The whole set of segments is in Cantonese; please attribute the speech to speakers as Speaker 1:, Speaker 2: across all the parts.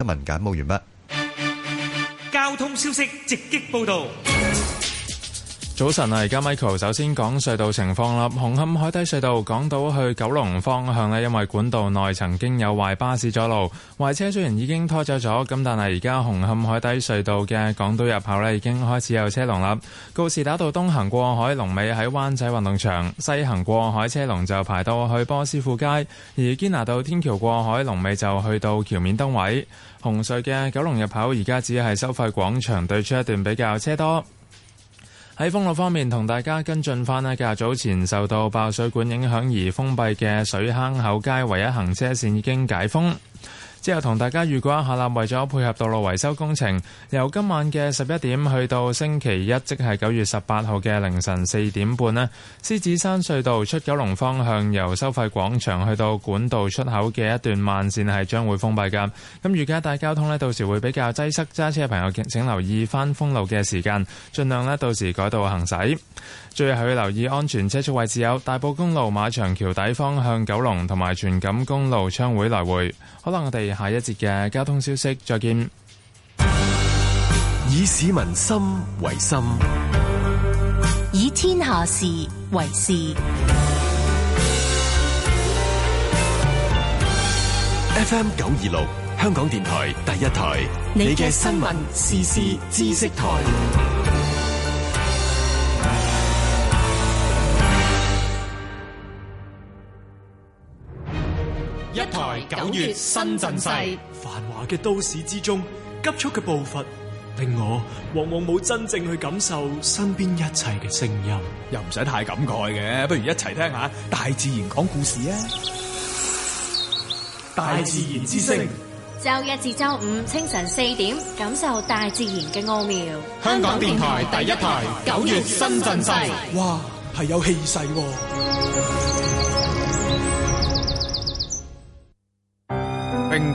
Speaker 1: 新聞簡報完畢。
Speaker 2: 交通消息直擊報道。
Speaker 1: 早晨啊！而家 Michael 首先講隧道情況啦。紅磡海底隧道港島去九龍方向咧，因為管道內曾經有壞巴士阻路，壞車雖然已經拖走咗。咁但係而家紅磡海底隧道嘅港島入口咧，已經開始有車龍啦。告士打道東行過海龍尾喺灣仔運動場，西行過海車龍就排到去波斯富街。而堅拿道天橋過海龍尾就去到橋面燈位。紅隧嘅九龍入口而家只係收費廣場對出一段比較車多。喺封路方面，同大家跟進返咧。今日較早前受到爆水管影響而封閉嘅水坑口街唯一行車線已經解封。之後同大家預告一下啦，為咗配合道路維修工程，由今晚嘅十一點去到星期一，即係九月十八號嘅凌晨四點半呢，獅子山隧道出九龍方向由收費廣場去到管道出口嘅一段慢線係將會封閉嘅。咁預計大交通呢，到時會比較擠塞，揸車嘅朋友請留意翻封路嘅時間，儘量呢，到時改道行駛。最後要留意安全車速位置，有大埔公路馬場橋底方向九龍，同埋全錦公路商會來回。可能我哋下一節嘅交通消息，再見。以市民心為心，
Speaker 3: 以天下事為事。
Speaker 4: FM 九二六，香港電台第一台，你嘅新聞時事知識台。
Speaker 5: 九月新陣勢，繁華嘅都
Speaker 4: 市之中，急速嘅步伐令我往往冇真正去感受身邊一切嘅聲音。又唔使太感慨嘅，不如一齊聽下大自然講故事啊！大自然之聲，
Speaker 3: 周一至周五清晨四點，感受大自然嘅奧妙。香港電台第一台，九
Speaker 4: 月新陣勢，新陣勢，哇，係有氣勢。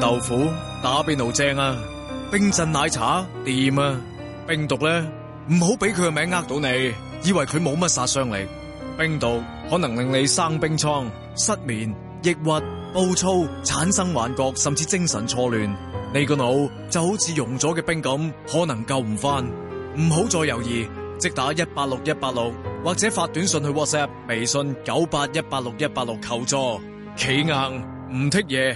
Speaker 4: 豆腐打邊爐正啊，冰鎮奶茶掂啊，冰毒咧唔好俾佢個名呃到你，以為佢冇乜殺傷力，冰毒可能令你生冰瘡、失眠、抑鬱、暴躁、產生幻覺，甚至精神錯亂。你個腦就好似融咗嘅冰咁，可能救唔返。唔好再猶豫，即打一八六一八六，或者發短信去 WhatsApp、微信九八一八六一八六求助。企硬唔剔嘢。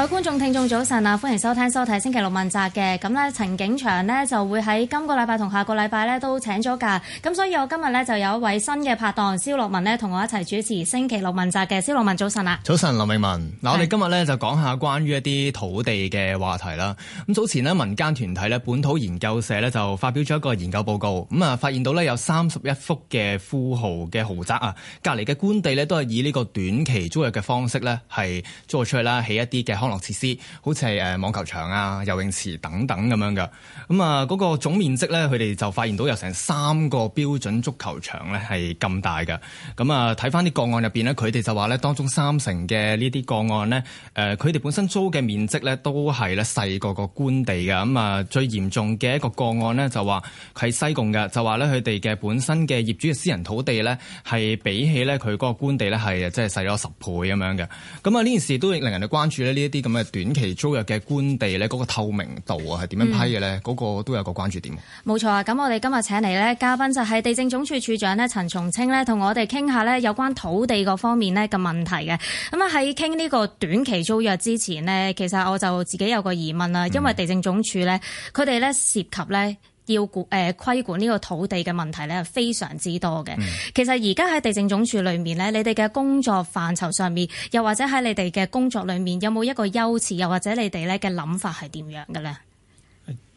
Speaker 3: 各位觀眾、聽眾，早晨啊！歡迎收聽、收睇星期六問責嘅，咁咧，陳景祥呢就會喺今個禮拜同下個禮拜呢都請咗假，咁所以我今日呢，就有一位新嘅拍檔蕭洛汶呢，同我一齊主持星期六問責嘅。蕭洛汶，早晨啊！早
Speaker 4: 晨，林詠雯。嗱是，我哋今日呢，就講下關於一啲土地嘅話題啦。咁早前呢，民間團體咧，本土研究社呢，就發表咗一個研究報告，咁啊，發現到呢，有三十一幅嘅富豪嘅豪宅啊，隔離嘅官地呢，都係以呢個短期租約嘅方式呢，係租出去啦，起一啲嘅設施好似係誒網球場啊、游泳池等等咁樣噶，咁啊嗰個總面積咧，佢哋就發現到有成三個標準足球場咧係咁大嘅，咁啊睇翻啲個案入邊咧，佢哋就話咧當中三成嘅呢啲個案咧，誒佢哋本身租嘅面積咧都係咧細過個官地嘅，咁、嗯、啊最嚴重嘅一個個案咧就話喺西貢嘅，就話咧佢哋嘅本身嘅業主嘅私人土地咧係比起咧佢嗰個官地咧係即係細咗十倍咁樣嘅，咁啊呢件事都令人哋關注咧呢。啲咁嘅短期租約嘅官地咧，嗰、嗰個透明度啊，係點樣批嘅咧？嗰、嗯、個都有個關注點。
Speaker 3: 冇錯啊！咁我哋今日請嚟咧嘉賓就係地政總署署長咧陳松青咧，同我哋傾下咧有關土地嗰方面咧嘅問題嘅。咁啊喺傾呢個短期租約之前呢，其實我就自己有個疑問啦，因為地政總署咧，佢哋咧涉及咧。要管誒規管呢個土地嘅問題咧，係非常之多嘅。其實而家喺地政總署裏面咧，你哋嘅工作範疇上面，又或者喺你哋嘅工作裏面，有冇一個優次？又或者你哋咧嘅諗法係點樣嘅咧？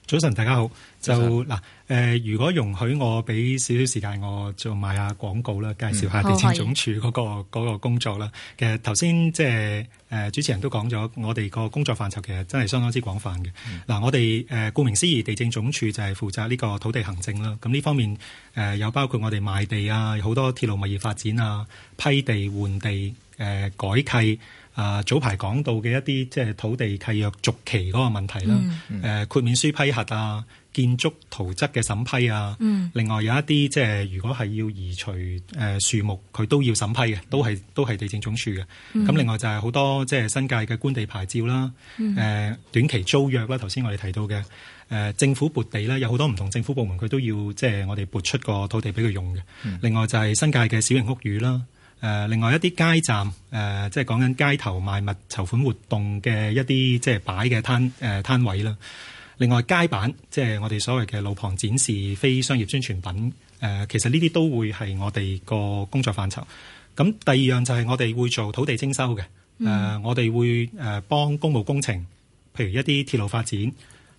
Speaker 2: 早晨，大家好。就嗱，誒、呃，如果容許我俾少少時間，我做埋下廣告啦，介紹下地政總署嗰、那個嗯、個工作啦。其實頭先即係誒主持人都講咗，我哋個工作範疇其實真係相當之廣泛嘅。嗱、嗯呃，我哋誒顧名思義，地政總署就係負責呢個土地行政啦。咁呢方面誒有、呃、包括我哋賣地啊，好多鐵路物業發展啊，批地換地誒、呃、改契。啊！早排講到嘅一啲即係土地契約續期嗰個問題啦，誒豁免書批核啊，建築圖則嘅審批啊，另外有一啲即係如果係要移除誒樹木，佢都要審批嘅，都係都係地政總署嘅。
Speaker 5: 咁另外就
Speaker 2: 係好多即係新界嘅官地牌照啦，誒短期租約啦，頭先我哋提到嘅誒政府撥地啦，有好多唔同政府部門佢都要即係我哋撥出個土地俾佢用嘅。另外就係新界嘅小型屋宇啦。誒、呃、另外一啲街站，誒即係講緊街頭賣物籌款活動嘅一啲即係擺嘅攤誒、呃、攤位啦。另外街板，即係我哋所謂嘅路旁展示非商業宣傳品。誒、呃、其實呢啲都會係我哋個工作範疇。咁第二樣就係我哋會做土地徵收嘅。誒、嗯呃、我哋會誒、呃、幫公務工程，譬如一啲鐵路發展、誒、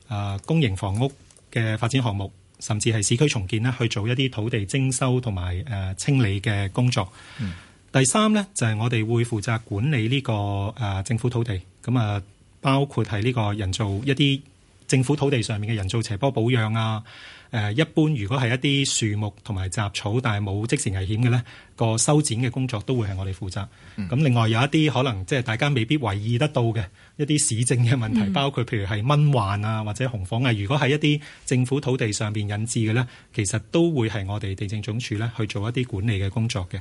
Speaker 2: 呃、公營房屋嘅發展項目，甚至係市區重建咧，去做一啲土地徵收同埋誒清理嘅工作。嗯第三呢，就係、是、我哋會負責管理呢、這個誒政府土地咁啊，包括係呢個人造一啲政府土地上面嘅人造斜坡保養啊。誒、呃，一般如果係一啲樹木同埋雜草，但係冇即時危險嘅呢、那個修剪嘅工作都會係我哋負責。咁、嗯、另外有一啲可能即係、就是、大家未必留意得到嘅一啲市政嘅問題，包括譬如係蚊患啊或者紅火蟻啊。如果係一啲政府土地上邊引致嘅呢，其實都會係我哋地政總署呢去做一啲管理嘅工作嘅。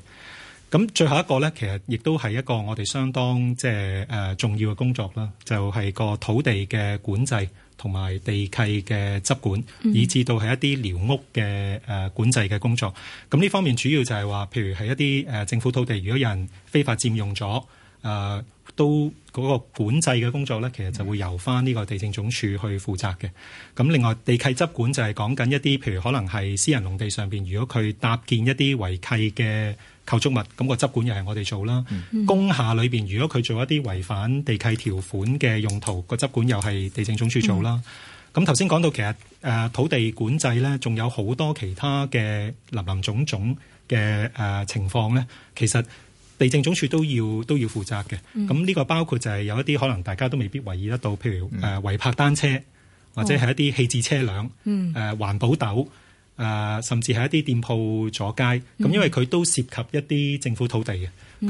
Speaker 2: 咁最後一個呢，其實亦都係一個我哋相當即係誒重要嘅工作啦，就係、是、個土地嘅管制同埋地契嘅執管，以至到係一啲寮屋嘅誒、呃、管制嘅工作。咁呢方面主要就係話，譬如係一啲誒、呃、政府土地，如果有人非法佔用咗，誒、呃、都嗰、那個管制嘅工作呢，其實就會由返呢個地政總署去負責嘅。咁另外地契執管就係講緊一啲譬如可能係私人農地上邊，如果佢搭建一啲違契嘅。構築物咁、個執管又係我哋做啦。嗯嗯、工廈裏邊，如果佢做一啲違反地契條款嘅用途，個執管又係地政總署做啦。咁頭先講到其實誒、呃、土地管制咧，仲有好多其他嘅林林種種嘅誒、呃、情況咧。其實地政總署都要都要負責嘅。咁呢、嗯、個包括就係有一啲可能大家都未必為意得到，譬如誒違泊單車或者係一啲棄置車輛，誒環保斗。嗯嗯嗯誒、呃，甚至係一啲店鋪阻街，咁、嗯、因為佢都涉及一啲政府土地嘅，咁、嗯、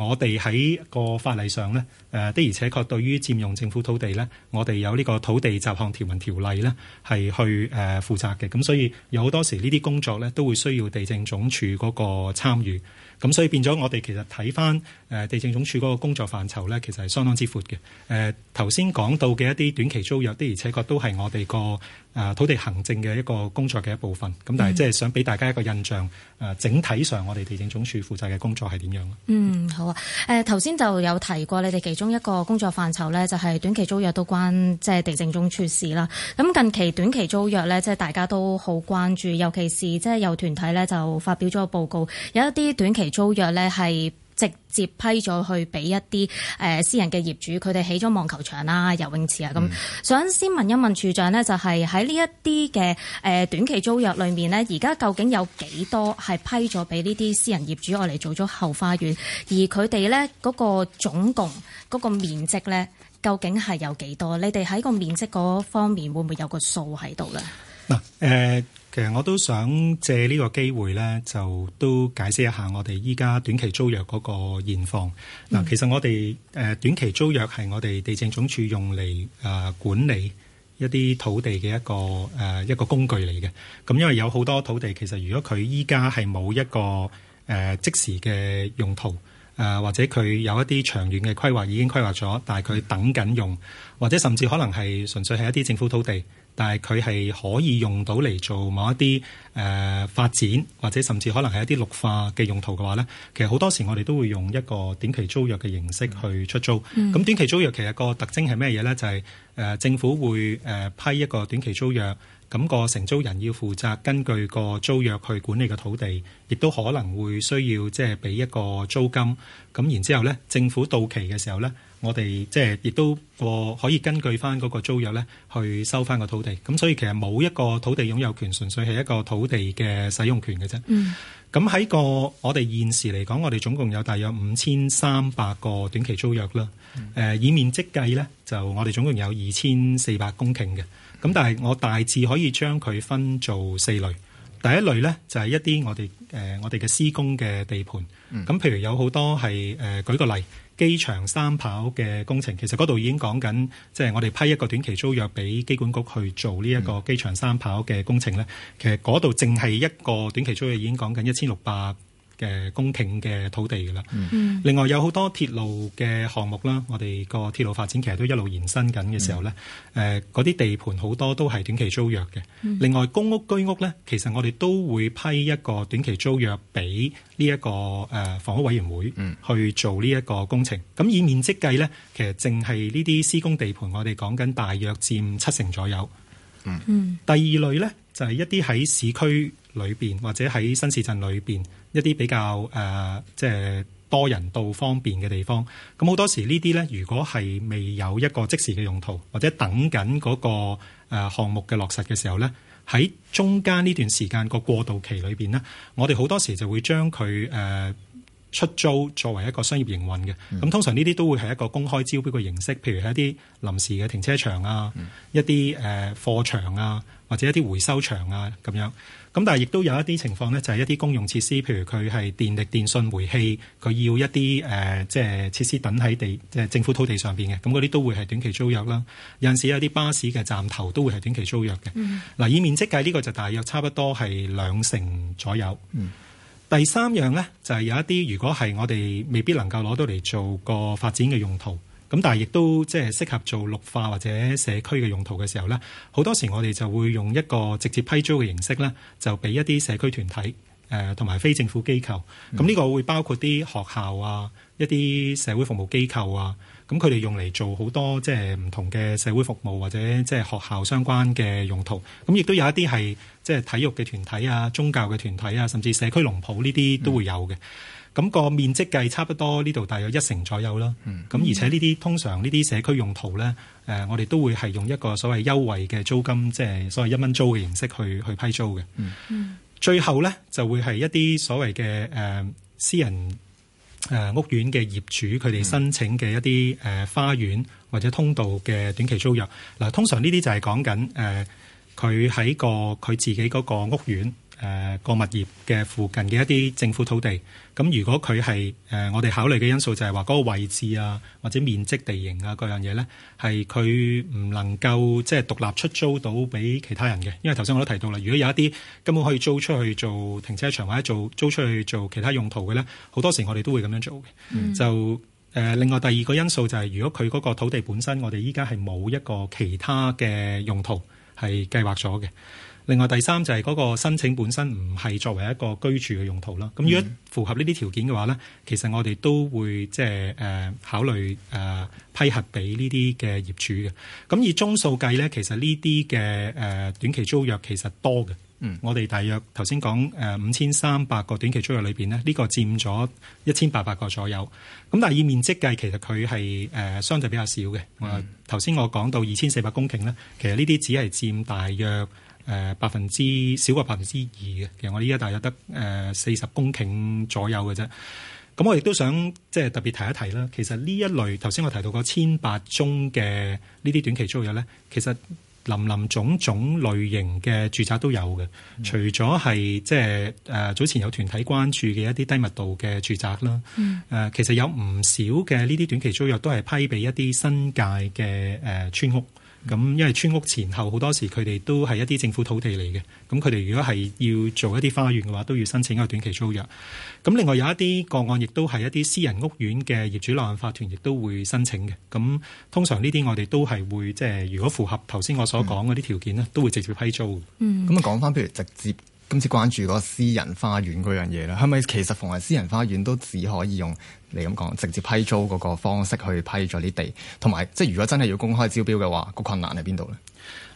Speaker 2: 而我哋喺個法例上呢，誒、呃、的而且確對於佔用政府土地呢，我哋有呢個土地雜項條文條例呢係去誒、呃、負責嘅，咁、嗯、所以有好多時呢啲工作呢，都會需要地政總署嗰個參與。咁所以變咗，我哋其實睇翻誒地政總署嗰個工作範疇咧，其實係相當之闊嘅。誒頭先講到嘅一啲短期租約的而且確都係我哋個誒土地行政嘅一個工作嘅一部分。咁但係即係想俾大家一個印象，誒整體上我哋地政總署負責嘅工作係點樣？嗯，好
Speaker 3: 啊。誒頭先就有提過你哋其中一個工作範疇咧，就係短期租約都關即係地政總署事啦。咁近期短期租約咧，即係大家都好關注，尤其是即係有團體咧就發表咗個報告，有一啲短期。租約咧係直接批咗去俾一啲誒私人嘅業主，佢哋起咗網球場啦、游泳池啊咁。嗯、想先問一問署長呢，就係喺呢一啲嘅誒短期租約裏面呢，而家究竟有幾多係批咗俾呢啲私人業主，用嚟做咗後花園，而佢哋呢嗰個總共嗰、嗰個面積呢，究竟係有幾多？你哋喺個面積嗰方面會唔會有個數喺度呢？
Speaker 2: 嗱，誒，其實我都想借呢個機會呢，就都解釋一下我哋依家短期租約嗰個現況。嗱、嗯，其實我哋誒短期租約係我哋地政總署用嚟誒、啊、管理一啲土地嘅一個誒、啊、一個工具嚟嘅。咁因為有好多土地其實如果佢依家係冇一個誒、啊、即時嘅用途，誒、啊、或者佢有一啲長遠嘅規劃已經規劃咗，但係佢等緊用，或者甚至可能係純粹係一啲政府土地。但係佢係可以用到嚟做某一啲誒、呃、發展，或者甚至可能係一啲綠化嘅用途嘅話呢，其實好多時我哋都會用一個短期租約嘅形式去出租。咁、嗯、短期租約其實個特徵係咩嘢呢？就係、是、誒、呃、政府會誒、呃、批一個短期租約，咁、那個承租人要負責根據個租約去管理個土地，亦都可能會需要即係俾一個租金。咁然之後呢，政府到期嘅時候呢，我哋即係亦都過可以根據翻嗰個租約咧，去收翻個土地。咁所以其實冇一個土地擁有權，純粹係一個土地嘅使用權嘅啫。嗯，咁喺個我哋現時嚟講，我哋總共有大約五千三百個短期租約啦。誒、嗯呃，以面積計咧，就我哋總共有二千四百公頃嘅。咁但係我大致可以將佢分做四類，第一類咧就係、是、一啲我哋誒、呃，我哋嘅施工嘅地盤。咁、嗯、譬如有好多係誒、呃，舉個例。機場三跑嘅工程，其實嗰度已經講緊，即係我哋批一個短期租約俾機管局去做呢一個機場三跑嘅工程咧。嗯、其實嗰度淨係一個短期租約已經講緊一千六百。嘅公頃嘅土地噶啦，嗯、另外有好多鐵路嘅項目啦，我哋個鐵路發展其實都一路延伸緊嘅時候咧，誒，嗰啲地盤好多都係短期租約嘅。嗯、另外公屋居屋咧，其實我哋都會批一個短期租約俾呢一個誒、呃、房屋委員會去做呢一個工程。咁以面積計咧，其實淨係呢啲施工地盤，我哋講緊大約佔七成左右嗯。嗯，嗯第二類咧就係、是、一啲喺市區。裏邊或者喺新市鎮裏邊一啲比較誒、呃，即係多人到方便嘅地方。咁好多時呢啲呢，如果係未有一個即時嘅用途，或者等緊嗰個誒項目嘅落實嘅時候呢，喺中間呢段時間個過渡期裏邊呢，我哋好多時就會將佢誒、呃、出租作為一個商業營運嘅。咁、嗯、通常呢啲都會係一個公開招標嘅形式，譬如係一啲臨時嘅停車場啊，嗯、一啲誒貨場啊，或者一啲回收場啊咁樣。咁但係亦都有一啲情況呢，就係、是、一啲公用設施，譬如佢係電力、電信、煤氣，佢要一啲誒、呃，即係設施等喺地，即係政府土地上邊嘅，咁嗰啲都會係短期租約啦。有陣時有啲巴士嘅站頭都會係短期租約嘅。嗱、嗯，以面積計，呢、呢個就大約差不多係兩成左右。嗯、第三樣呢，就係、是、有一啲如果係我哋未必能夠攞到嚟做個發展嘅用途。咁但係亦都即係適合做綠化或者社區嘅用途嘅時候呢，好多時我哋就會用一個直接批租嘅形式呢，就俾一啲社區團體誒同埋非政府機構。咁呢、嗯、個會包括啲學校啊，一啲社會服務機構啊，咁佢哋用嚟做好多即係唔同嘅社會服務或者即係學校相關嘅用途。咁亦都有一啲係即係體育嘅團體啊、宗教嘅團體啊，甚至社區農圃呢啲都會有嘅。嗯咁個面積計差不多呢度大約一成左右啦。
Speaker 5: 咁、嗯、而且呢
Speaker 2: 啲通常呢啲社區用途咧，誒、呃、我哋都會係用一個所謂優惠嘅租金，即係所謂一蚊租嘅形式去去批租嘅。嗯、最後咧就會係一啲所謂嘅誒、呃、私人誒屋苑嘅業主，佢哋申請嘅一啲誒、呃、花園或者通道嘅短期租約。嗱、呃，通常呢啲就係講緊誒佢喺個佢自己嗰個屋苑。誒、啊、個物業嘅附近嘅一啲政府土地，咁如果佢係誒我哋考慮嘅因素，就係話嗰個位置啊，或者面積、地形啊各樣嘢呢，係佢唔能夠即係、就是、獨立出租到俾其他人嘅。因為頭先我都提到啦，如果有一啲根本可以租出去做停車場或者做租出去做其他用途嘅呢，好多時我哋都會咁樣做嘅。嗯、就誒、呃，另外第二個因素就係、是，如果佢嗰個土地本身，我哋依家係冇一個其他嘅用途係計劃咗嘅。另外第三就係、是、嗰個申請本身唔係作為一個居住嘅用途啦。咁如果符合呢啲條件嘅話呢，其實我哋都會即係誒考慮誒、呃、批核俾呢啲嘅業主嘅。咁以宗數計呢，其實呢啲嘅誒短期租約其實多嘅。嗯，我哋大約頭先講誒五千三百個短期租約裏邊咧，呢、這個佔咗一千八百個左右。咁但係以面積計,計，其實佢係誒相對比較少嘅。頭先、嗯、我講到二千四百公頃呢，其實呢啲只係佔大約。誒、呃、百分之少過百分之二嘅，其實我依家大約得誒、呃、四十公頃左右嘅啫。咁我亦都想即係、呃、特別提一提啦。其實呢一類頭先我提到個千八宗嘅呢啲短期租約咧，其實林林總總類型嘅住宅都有嘅。除咗係即係誒早前有團體關注嘅一啲低密度嘅住宅啦，誒、呃、其實有唔少嘅呢啲短期租約都係批俾一啲新界嘅誒、呃、村屋，咁因為村屋前後好多時，佢哋都係一啲政府土地嚟嘅。咁佢哋如果係要做一啲花園嘅話，都要申請一個短期租約。咁另外有一啲個案，亦都係一啲私人屋苑嘅業主立案法團亦都會申請嘅。咁通常呢啲我哋都係會，即係如果符合頭先我所講嗰啲條件咧，嗯、都會直接批租。嗯，
Speaker 1: 咁啊
Speaker 4: 講翻譬如直接。今次關注嗰個私人花園嗰樣嘢咧，係咪其實逢係私人花園都只可以用你咁講，直接批租嗰個方式去批咗啲地，同埋即係如果
Speaker 2: 真係要公開招標嘅話，個困難喺邊度呢？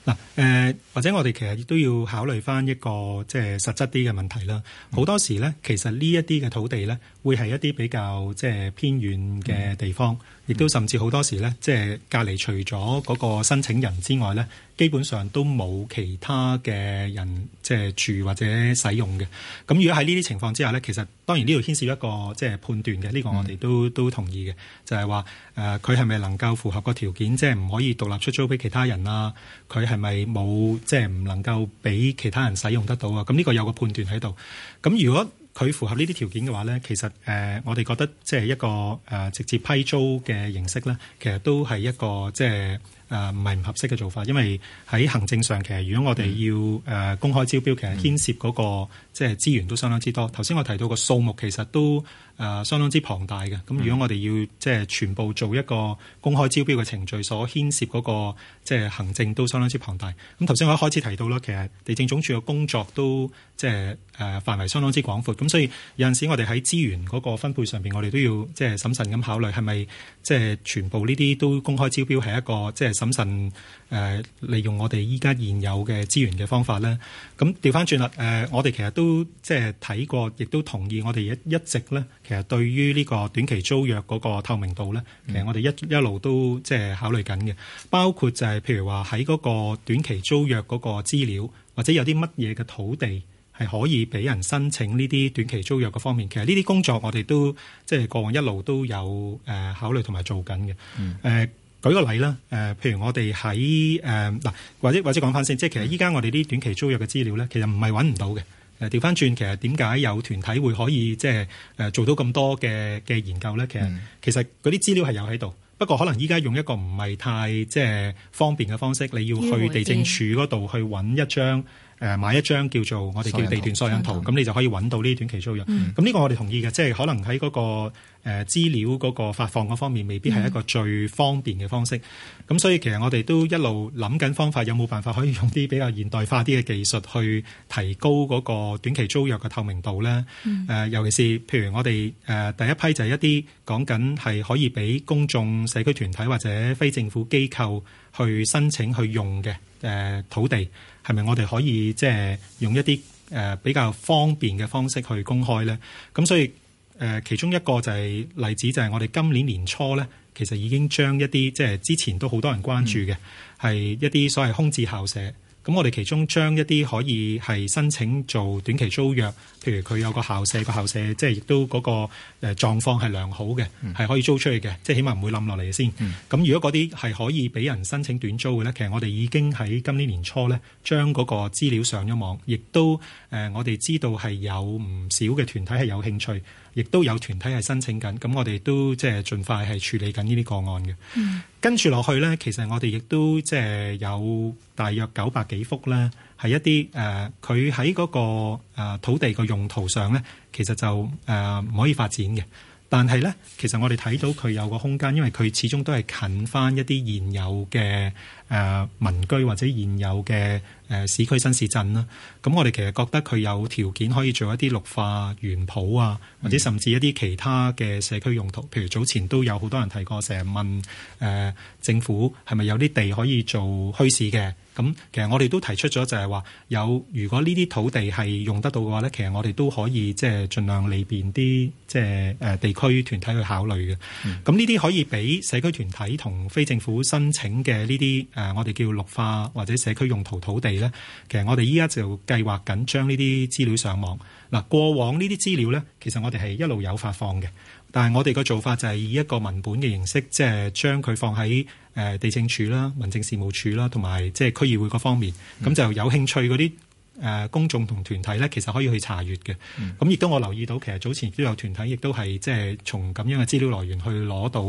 Speaker 2: 嗱、呃，誒或者我哋其實亦都要考慮翻一個即係實質啲嘅問題啦。好多時呢，其實呢一啲嘅土地呢，會係一啲比較即係偏遠嘅地方，亦、嗯、都甚至好多時呢，即係隔離除咗嗰個申請人之外呢。基本上都冇其他嘅人即係、就是、住或者使用嘅。咁如果喺呢啲情況之下咧，其實當然呢度牽涉一個即係判斷嘅。呢、這個我哋都、嗯、都同意嘅，就係話誒，佢係咪能夠符合個條件，即係唔可以獨立出租俾其他人啊？佢係咪冇即係唔能夠俾其他人使用得到啊？咁呢個有個判斷喺度。咁如果佢符合呢啲條件嘅話咧，其實誒、呃，我哋覺得即係一個誒直接批租嘅形式咧，其實都係一個即係。就是誒唔係唔合適嘅做法，因為喺行政上其實如果我哋要誒、嗯呃、公開招標，其實牽涉嗰個即係資源都相當之多。頭先、嗯、我提到個數目其實都誒、呃、相當之龐大嘅。咁如果我哋要即係、呃嗯、全部做一個公開招標嘅程序，所牽涉嗰、嗰個即係、呃、行政都相當之龐大。咁頭先我一開始提到啦，其實地政總署嘅工作都即係誒範圍相當之廣闊，咁所以有陣時我哋喺資源嗰個分配上邊，我哋都要即係審慎咁考慮，係咪即係全部呢啲都公開招標係一個即係。審慎誒、呃、利用我哋依家現有嘅資源嘅方法咧，咁調翻轉啦誒，我哋其實都即係睇過，亦都同意我哋一一直咧，其實對於呢個短期租約嗰個透明度咧，其實我哋一一路都即係考慮緊嘅，包括就係、是、譬如話喺嗰個短期租約嗰個資料，或者有啲乜嘢嘅土地係可以俾人申請呢啲短期租約嘅方面，其實呢啲工作我哋都即係過往一路都有誒、呃、考慮同埋做緊嘅誒。嗯呃舉個例啦，誒、呃，譬如我哋喺誒嗱，或者或者講翻先，即係其實依家我哋啲短期租約嘅資料咧，其實唔係揾唔到嘅。誒調翻轉，其實點解有團體會可以即係誒做到咁多嘅嘅研究咧？其實其實嗰啲資料係有喺度，不過可能依家用一個唔係太即係、呃、方便嘅方式，你要去地政署嗰度去揾一張。誒買一張叫做我哋叫地段索引圖，咁你就可以揾到呢啲短期租約。咁呢個我哋同意嘅，即係可能喺嗰個誒資料嗰個發放嗰方面，未必係一個最方便嘅方式。咁、嗯、所以其實我哋都一路諗緊方法，有冇辦法可以用啲比較現代化啲嘅技術去提高嗰個短期租約嘅透明度咧？誒、嗯呃，尤其是譬如我哋誒、呃、第一批就係一啲講緊係可以俾公眾、社區團體或者非政府機構去申請去用嘅誒、呃呃、土地。係咪我哋可以即係用一啲誒、呃、比較方便嘅方式去公開呢？咁所以誒、呃，其中一個就係、是、例子，就係我哋今年年初呢，其實已經將一啲即係之前都好多人關注嘅，係、嗯、一啲所謂空置校舍。咁我哋其中將一啲可以係申請做短期租約，譬如佢有個校舍，個校舍即係亦都嗰個誒狀況係良好嘅，係、嗯、可以租出去嘅，即係起碼唔會冧落嚟先。咁、嗯、如果嗰啲係可以俾人申請短租嘅呢，其實我哋已經喺今年年初呢將嗰個資料上咗網，亦都誒、呃、我哋知道係有唔少嘅團體係有興趣，亦都有團體係申請緊。咁我哋都即係盡快係處理緊呢啲個案嘅。嗯。跟住落去咧，其實我哋亦都即係有大約九百幾幅咧，係一啲誒，佢喺嗰個誒、呃、土地嘅用途上咧，其實就誒唔、呃、可以發展嘅。但係呢，其實我哋睇到佢有個空間，因為佢始終都係近翻一啲現有嘅誒、呃、民居或者現有嘅誒、呃、市區新市鎮啦。咁我哋其實覺得佢有條件可以做一啲綠化園圃啊，或者甚至一啲其他嘅社區用途。譬、嗯、如早前都有好多人提過，成日問誒、呃、政府係咪有啲地可以做墟市嘅？咁其實我哋都提出咗，就係話有如果呢啲土地係用得到嘅話呢，其實我哋都可以即係盡量利便啲即係誒、呃、地區團體去考慮嘅。咁呢啲可以俾社區團體同非政府申請嘅呢啲誒，我哋叫綠化或者社區用途土地呢。其實我哋依家就計劃緊將呢啲資料上網嗱、呃。過往呢啲資料呢，其實我哋係一路有發放嘅。但係我哋個做法就係以一個文本嘅形式，即係將佢放喺誒地政署啦、民政事務處啦，同埋即係區議會嗰方面，咁就有興趣嗰啲誒公眾同團體呢，其實可以去查閲嘅。咁亦、嗯、都我留意到，其實早前都有團體亦都係即係從咁樣嘅資料來源去攞到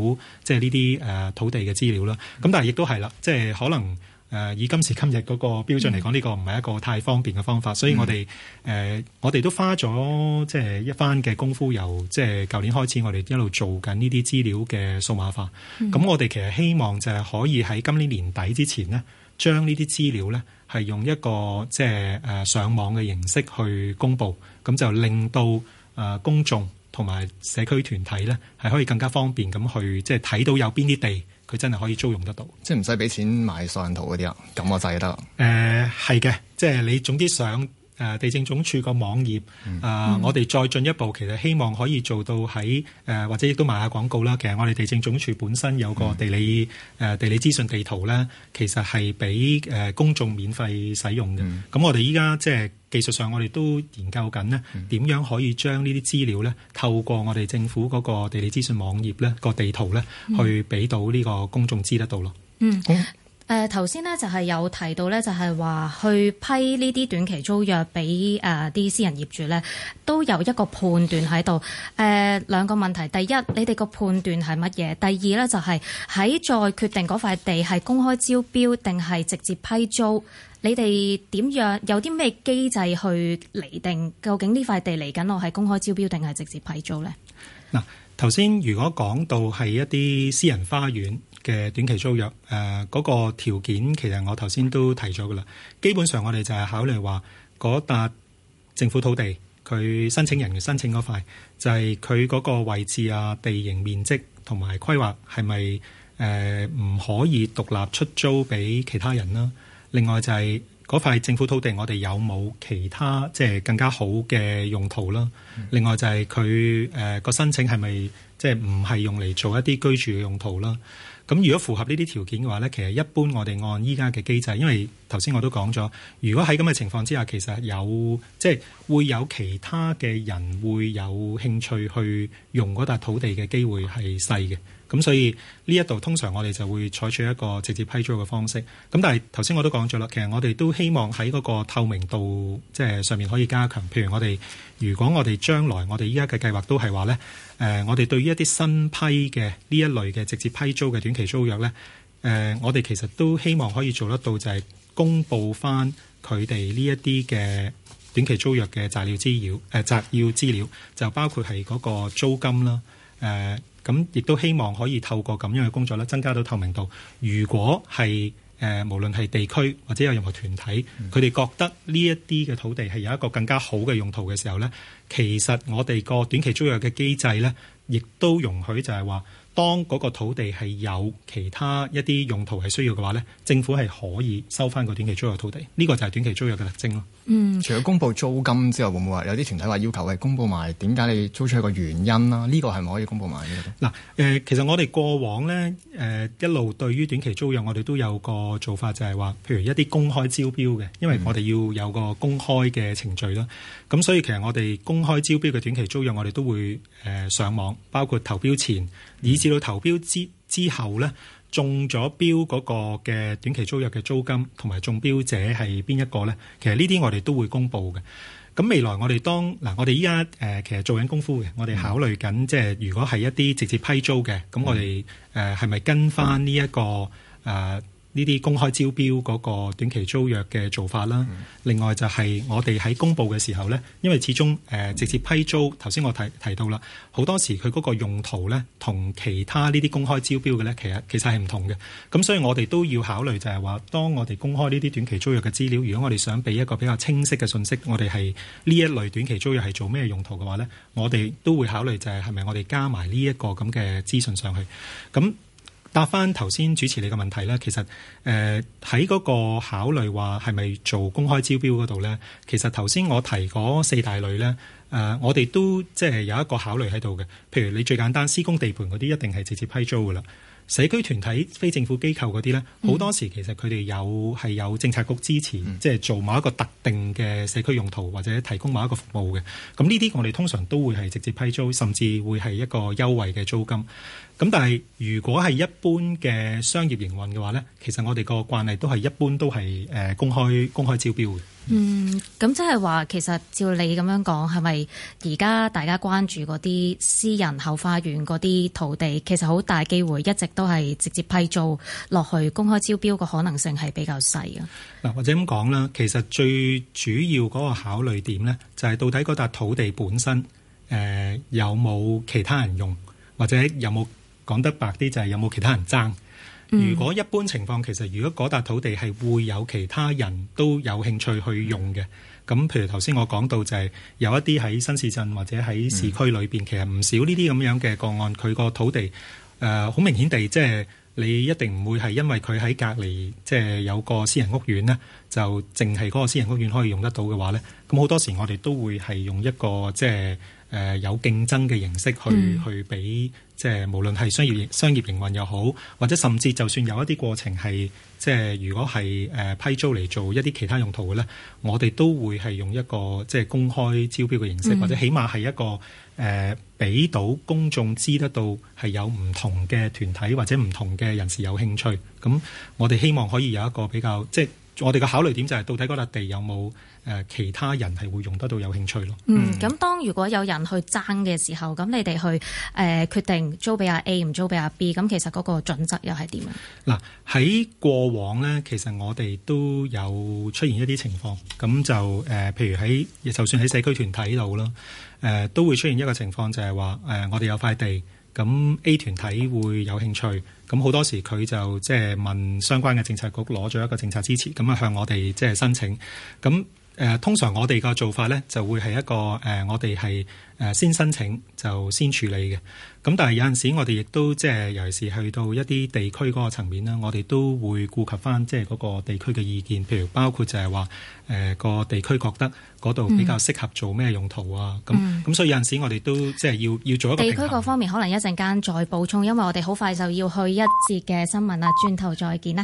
Speaker 2: 即係呢啲誒土地嘅資料啦。咁但係亦都係啦，即係可能。誒以今時今日嗰個標準嚟講，呢、嗯、個唔係一個太方便嘅方法，所以我哋誒、嗯呃、我哋都花咗即係一番嘅功夫由，由即係舊年開始，我哋一路做緊呢啲資料嘅數碼化。咁、嗯、我哋其實希望就係可以喺今年年底之前呢，將呢啲資料呢係用一個即係誒上網嘅形式去公布，咁就令到誒公眾同埋社區團體呢係可以更加方便咁去即係睇到有邊啲地。.佢真係可以租用得到，
Speaker 4: 即係唔使俾錢買上圖嗰啲啊？咁我就得。
Speaker 2: 誒係嘅，即係、就是、你總之上誒、呃、地政總署個網頁，誒我哋再進一步，其實希望可以做到喺誒、呃、或者亦都賣下廣告啦。其實我哋地政總署本身有個地理誒、嗯呃、地理資訊地圖咧，其實係俾誒公眾免費使用嘅。咁、嗯、我哋依家即係。技術上，我哋都研究緊呢點樣可以將呢啲資料呢透過我哋政府嗰個地理資訊網頁呢個地圖呢去俾到呢個公眾知得到咯。嗯，
Speaker 3: 好、呃。誒頭先呢就係、是、有提到呢就係、是、話去批呢啲短期租約俾誒啲私人業主呢，都有一個判斷喺度。誒、呃、兩個問題，第一，你哋個判斷係乜嘢？第二呢，就係、是、喺再決定嗰塊地係公開招標定係直接批租。你哋點樣有啲咩機制去釐定？究竟呢塊地嚟緊，我係公開招標定係直接批租呢？
Speaker 2: 嗱，頭先如果講到係一啲私人花園嘅短期租約，誒、呃、嗰、嗰個條件其實我頭先都提咗噶啦。基本上我哋就係考慮話嗰笪政府土地佢申請人員申請嗰塊就係佢嗰個位置啊、地形、面積同埋規劃係咪誒唔可以獨立出租俾其他人啦？另外就係嗰塊政府土地，我哋有冇其他即係更加好嘅用途啦？另外就係佢誒個申請係咪即係唔係用嚟做一啲居住嘅用途啦？咁如果符合呢啲條件嘅話咧，其實一般我哋按依家嘅機制，因為，頭先我都講咗，如果喺咁嘅情況之下，其實有即係、就是、會有其他嘅人會有興趣去用嗰笪土地嘅機會係細嘅，咁所以呢一度通常我哋就會採取一個直接批租嘅方式。咁但係頭先我都講咗啦，其實我哋都希望喺嗰個透明度即係、就是、上面可以加強。譬如我哋如果我哋將來我哋依家嘅計劃都係話呢，誒，我哋、呃、對於一啲新批嘅呢一類嘅直接批租嘅短期租約呢，誒、呃，我哋其實都希望可以做得到就係、是。公布翻佢哋呢一啲嘅短期租約嘅摘要資料，誒、呃、摘要資料就包括係嗰個租金啦。誒、咁亦都希望可以透過咁樣嘅工作咧，增加到透明度。如果係誒、呃、無論係地區或者有任何團體，佢哋、嗯、覺得呢一啲嘅土地係有一個更加好嘅用途嘅時候呢，其實我哋個短期租約嘅機制呢，亦都容許就係話。當嗰個土地係有其他一啲用途係需要嘅話呢，政府係可以收翻個短期租約土地。呢、這個就係短期租約嘅特徵咯。嗯，
Speaker 4: 除咗公布租金之外，會唔會話有啲團體話要求，喂，公布埋點解你租出嚟嘅原因啦？呢、
Speaker 2: 這個係咪可以公布埋咧？嗱、嗯，誒、呃，其實我哋過往呢誒、呃、一路對於短期租約，我哋都有個做法，就係話，譬如一啲公開招標嘅，因為我哋要有個公開嘅程序啦。咁、嗯、所以其實我哋公開招標嘅短期租約，我哋都會誒上網，包括投標前。以至到投標之之後呢，中咗標嗰個嘅短期租約嘅租金，同埋中標者係邊一個呢？其實呢啲我哋都會公布嘅。咁未來我哋當嗱、啊，我哋依家誒其實做緊功夫嘅，我哋考慮緊即係如果係一啲直接批租嘅，咁我哋誒係咪跟翻呢一個誒？呃呢啲公開招標嗰個短期租約嘅做法啦，嗯、另外就係我哋喺公佈嘅時候呢，因為始終誒、呃、直接批租，頭先我提提到啦，好多時佢嗰個用途呢，同其他呢啲公開招標嘅呢，其實其實係唔同嘅。咁所以我哋都要考慮就係話，當我哋公開呢啲短期租約嘅資料，如果我哋想俾一個比較清晰嘅信息，我哋係呢一類短期租約係做咩用途嘅話呢，我哋都會考慮就係係咪我哋加埋呢一個咁嘅資訊上去咁。答翻頭先主持你嘅問題咧，其實誒喺嗰個考慮話係咪做公開招標嗰度咧，其實頭先我提嗰四大類咧，誒我哋都即係有一個考慮喺度嘅。譬如你最簡單施工地盤嗰啲一定係直接批租㗎啦。社區團體、非政府機構嗰啲咧，好多時其實佢哋有係有政策局支持，即係做某一個特定嘅社區用途或者提供某一個服務嘅。咁呢啲我哋通常都會係直接批租，甚至會係一個優惠嘅租金。咁但係如果係一般嘅商業營運嘅話呢，其實我哋個慣例都係一般都係誒、呃、公開公開招標嘅。嗯，
Speaker 3: 咁即係話其實照你咁樣講，係咪而家大家關注嗰啲私人後花園嗰啲土地，其實好大機會一直都係直接批租落去，公開招標嘅可能性係比較細呀？
Speaker 2: 嗱、呃，或者咁講啦，其實最主要嗰個考慮點呢，就係、是、到底嗰笪土地本身誒、呃、有冇其他人用，或者有冇？講得白啲就係、是、有冇其他人爭？
Speaker 1: 如果
Speaker 2: 一般情況，其實如果嗰笪土地係會有其他人都有興趣去用嘅，咁譬如頭先我講到就係、是、有一啲喺新市鎮或者喺市區裏邊，嗯、其實唔少呢啲咁樣嘅個案，佢個土地誒好、呃、明顯地，即、就、係、是、你一定唔會係因為佢喺隔離，即、就、係、是、有個私人屋苑咧，就淨係嗰個私人屋苑可以用得到嘅話呢，咁好多時我哋都會係用一個即係。即係誒、呃、有競爭嘅形式去、嗯、去俾，即係無論係商業商業營運又好，或者甚至就算有一啲過程係即係如果係誒、呃、批租嚟做一啲其他用途嘅呢，我哋都會係用一個即係公開招標嘅形式，或者起碼係一個誒俾、呃、到公眾知得到係有唔同嘅團體或者唔同嘅人士有興趣。咁我哋希望可以有一個比較即係。我哋嘅考慮點就係到底嗰笪地有冇誒、呃、其他人係會用得到，有興趣咯。嗯，
Speaker 3: 咁當如果有人去爭嘅時候，咁你哋去誒、呃、決定租俾阿 A 唔租俾阿 B，咁其實嗰個準則又係點啊？
Speaker 2: 嗱，喺過往呢，其實我哋都有出現一啲情況，咁就誒、呃，譬如喺就算喺社區團體度啦，誒、呃、都會出現一個情況就，就係話誒，我哋有塊地。咁 A 團體會有興趣，咁好多時佢就即係問相關嘅政策局攞咗一個政策支持，咁啊向我哋即係申請。咁誒、呃，通常我哋嘅做法呢，就會係一個誒、呃，我哋係。誒先申請就先處理嘅，咁但係有陣時我哋亦都即係尤其是去到一啲地區嗰個層面啦，我哋都會顧及返即係嗰個地區嘅意見，譬如包括就係話誒個地區覺得嗰度比較適合做咩用途啊，咁咁、嗯、所以有陣時我哋都即係、就是、要要做一個平衡。
Speaker 3: 地區嗰方面，可能一陣間再補充，因為我哋好快就要去一節嘅新聞啦，轉頭再見啦。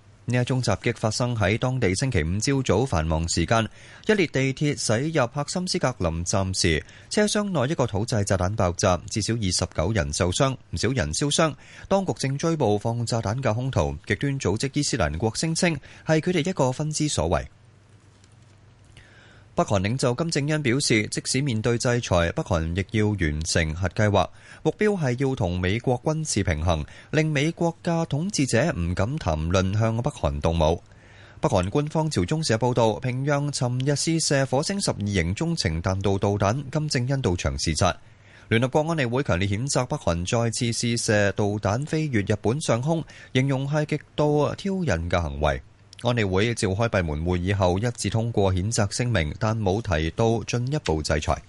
Speaker 5: 呢一宗襲擊發生喺當地星期五朝早繁忙時間，一列地鐵駛，駛入帕森斯格林站時，車廂內一個土製炸彈爆炸，至少二十九人受傷，唔少人燒傷。當局正追捕放炸彈嘅兇徒，極端組織伊斯蘭國聲稱係佢哋一個分支所為。北韓領袖金正恩表示，即使面對制裁，北韓亦要完成核計劃，目標係要同美國軍事平衡，令美國嘅統治者唔敢談論向北韓動武。北韓官方朝中社報道，平壤尋日試射火星十二型中程彈道導彈，金正恩到場視察。聯合國安理會強烈譴責北韓再次試射導彈飛越日本上空，形容係極度挑釁嘅行為。安理會召開閉門會議後一致通過譴責聲明，但冇提到進一步制裁。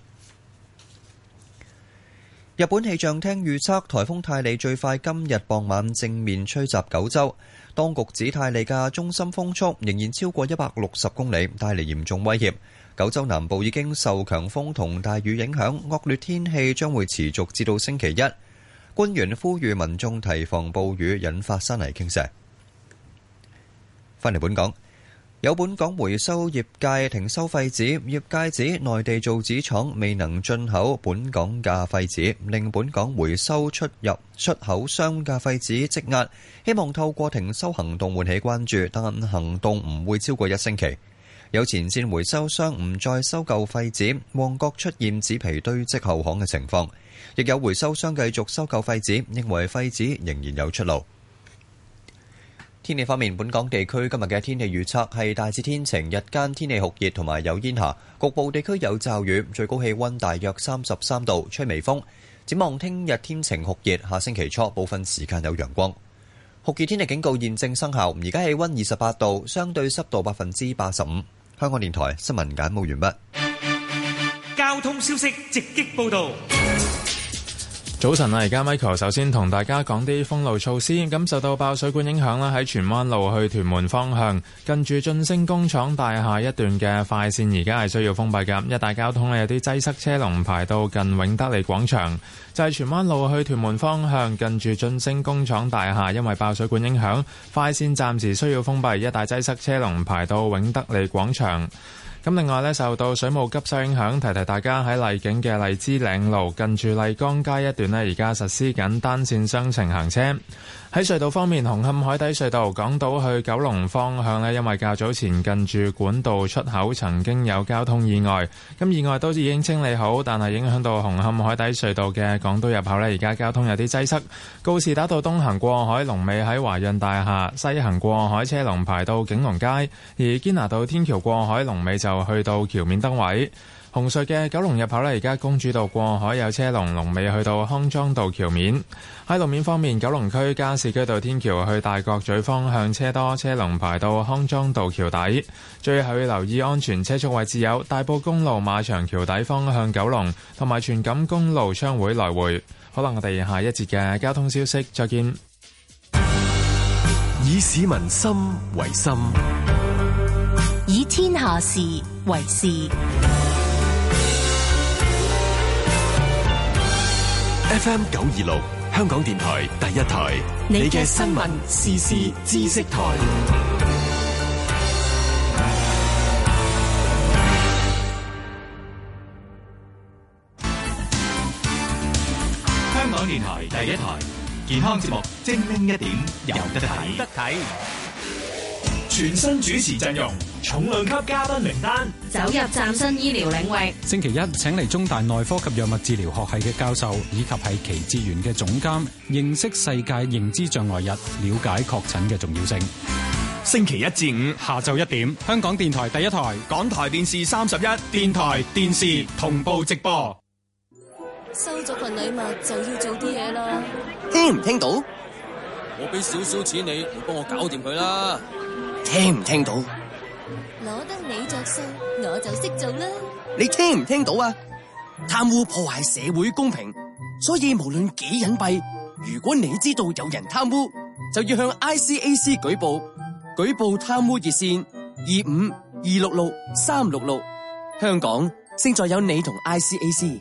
Speaker 5: 日本氣象廳預測颱風泰利最快今日傍晚正面吹襲九州，當局指泰利嘅中心風速仍然超過一百六十公里，帶嚟嚴重威脅。九州南部已經受強風同大雨影響，惡劣天氣將會持續至到星期一。官員呼籲民眾提防暴雨引發山泥傾瀉。翻嚟本港，有本港回收業界停收廢紙，業界指內地造紙廠未能進口本港嘅廢紙，令本港回收出入出口商嘅廢紙積壓。希望透過停收行動喚起關注，但行動唔會超過一星期。有前線回收商唔再收購廢紙，旺角出現紙皮堆積後巷嘅情況，亦有回收商繼續收購廢紙，認為廢紙仍然有出路。天氣方面，本港地區今日嘅天氣預測係大致天晴，日間天氣酷熱同埋有煙霞，局部地區有驟雨，最高氣溫大約三十三度，吹微風。展望聽日天晴酷熱，下星期初部分時間有陽光。酷熱天氣警告現正生效，而家氣溫二十八度，相對濕度百分之八十五。香港電台新聞簡報完畢。
Speaker 2: 交通消息直擊報道。
Speaker 5: 早晨啊！而家 Michael 首先
Speaker 1: 同大家講啲封路措施。咁受到爆水管影響啦。喺荃灣路去屯門方向近住晉升工廠大廈一段嘅快線，而家係需要封閉嘅。一帶交通咧有啲擠塞車龍排到近永德利廣場。就係、是、荃灣路去屯門方向近住晉升工廠大廈，因為爆水管影響快線暫時需要封閉，一帶擠塞車龍排到永德利廣場。咁另外咧，受到水務急修影響，提提大家喺荔景嘅荔枝嶺路近住麗江街一段呢，而家實施緊單線雙程行車。喺隧道方面，紅磡海底隧道港島去九龍方向呢，因為較早前近住管道出口曾經有交通意外，咁意外都已經清理好，但係影響到紅磡海底隧道嘅港島入口呢，而家交通有啲擠塞。告士打道東行過海龍尾喺華潤大廈，西行過海車龍排到景隆街，而堅拿道天橋過海龍尾就去到橋面燈位。紅隧嘅九龍入口咧，而家公主道過海有車龍，龍尾去到康莊道橋面。喺路面方面，九龍區加士居道天橋去大角咀方向車多，車龍排到康莊道橋底。最後要留意安全車速位置有大埔公路馬場橋底方向九龍，同埋全錦公路昌會來回。好啦，我哋下一節嘅交通消息，再見。以市民心為心，
Speaker 3: 以天下事為事。
Speaker 4: FM 九二六，香港電台第一台，你嘅新聞時事知識台，
Speaker 5: 香港電台第一台
Speaker 4: 健康節目，精靈一點，有得睇、有得睇。全新主持陣容，重量級嘉賓名單，走入
Speaker 3: 嶄新醫療領域。
Speaker 2: 星期一請嚟中大內科及藥物治療學系嘅教授，以及係耆智園嘅總監，認識世界認知障礙日，了解確診嘅重要性。星期一至五下晝一點，香港電台第一台、港台電視三十一、電台電視
Speaker 1: 同步直播。
Speaker 3: 收咗份禮物就要做啲嘢啦，
Speaker 1: 聽
Speaker 5: 唔聽到？我俾少少錢你，你幫我搞掂佢啦。聽唔聽到？
Speaker 3: 攞得你着數，我就識做啦。
Speaker 5: 你聽唔聽到啊？貪污破壞社會公平，所以無論幾隱蔽，如果你知道有人貪污，就要向 ICAC 舉報。舉報貪污熱線二五二六六三六六，香港勝在有你同 ICAC。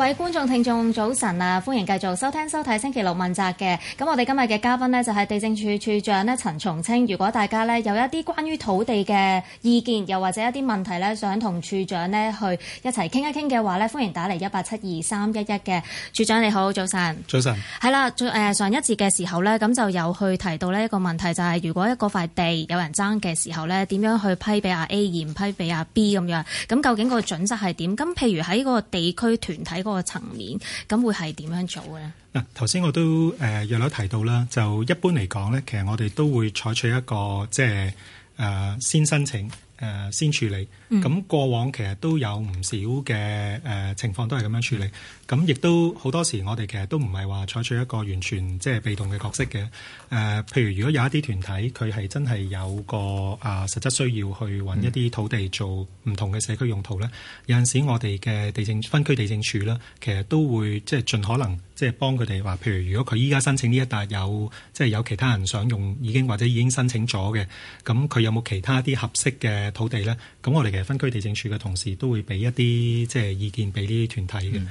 Speaker 3: 各位觀眾、聽眾，早晨啊！歡迎繼續收聽、收睇《星期六問責》嘅。咁我哋今日嘅嘉賓呢，就係地政處處長呢陳松青。如果大家呢有一啲關於土地嘅意見，又或者一啲問題呢，想同處長呢去一齊傾一傾嘅話呢，歡迎打嚟一八七二三一一嘅。處長你好，早晨。早晨。係啦，誒上一節嘅時候呢，咁就有去提到呢一個問題，就係如果一個塊地有人爭嘅時候呢，點樣去批俾阿 A，而唔批俾阿 B 咁樣？咁究竟個準則係點？咁譬如喺嗰個地區團體個層面，咁會係點樣做嘅咧？
Speaker 2: 嗱、啊，頭先我都誒略略提到啦，就一般嚟講咧，其實我哋都會採取一個即係誒、呃、先申請誒、呃、先處理。咁、嗯、過往其實都有唔少嘅誒、呃、情況都係咁樣處理，咁亦都好多時我哋其實都唔係話採取一個完全即係被動嘅角色嘅誒、呃。譬如如果有一啲團體佢係真係有個啊、呃、實質需要去揾一啲土地做唔同嘅社區用途咧，嗯、有陣時我哋嘅地政分區地政處咧，其實都會即係盡可能即係幫佢哋話，譬如如果佢依家申請呢一笪有即係、就是、有其他人想用，已經或者已經申請咗嘅，咁佢有冇其他啲合適嘅土地咧？咁我哋分區地政處嘅同事都會俾一啲即係意見俾呢啲團體嘅，咁、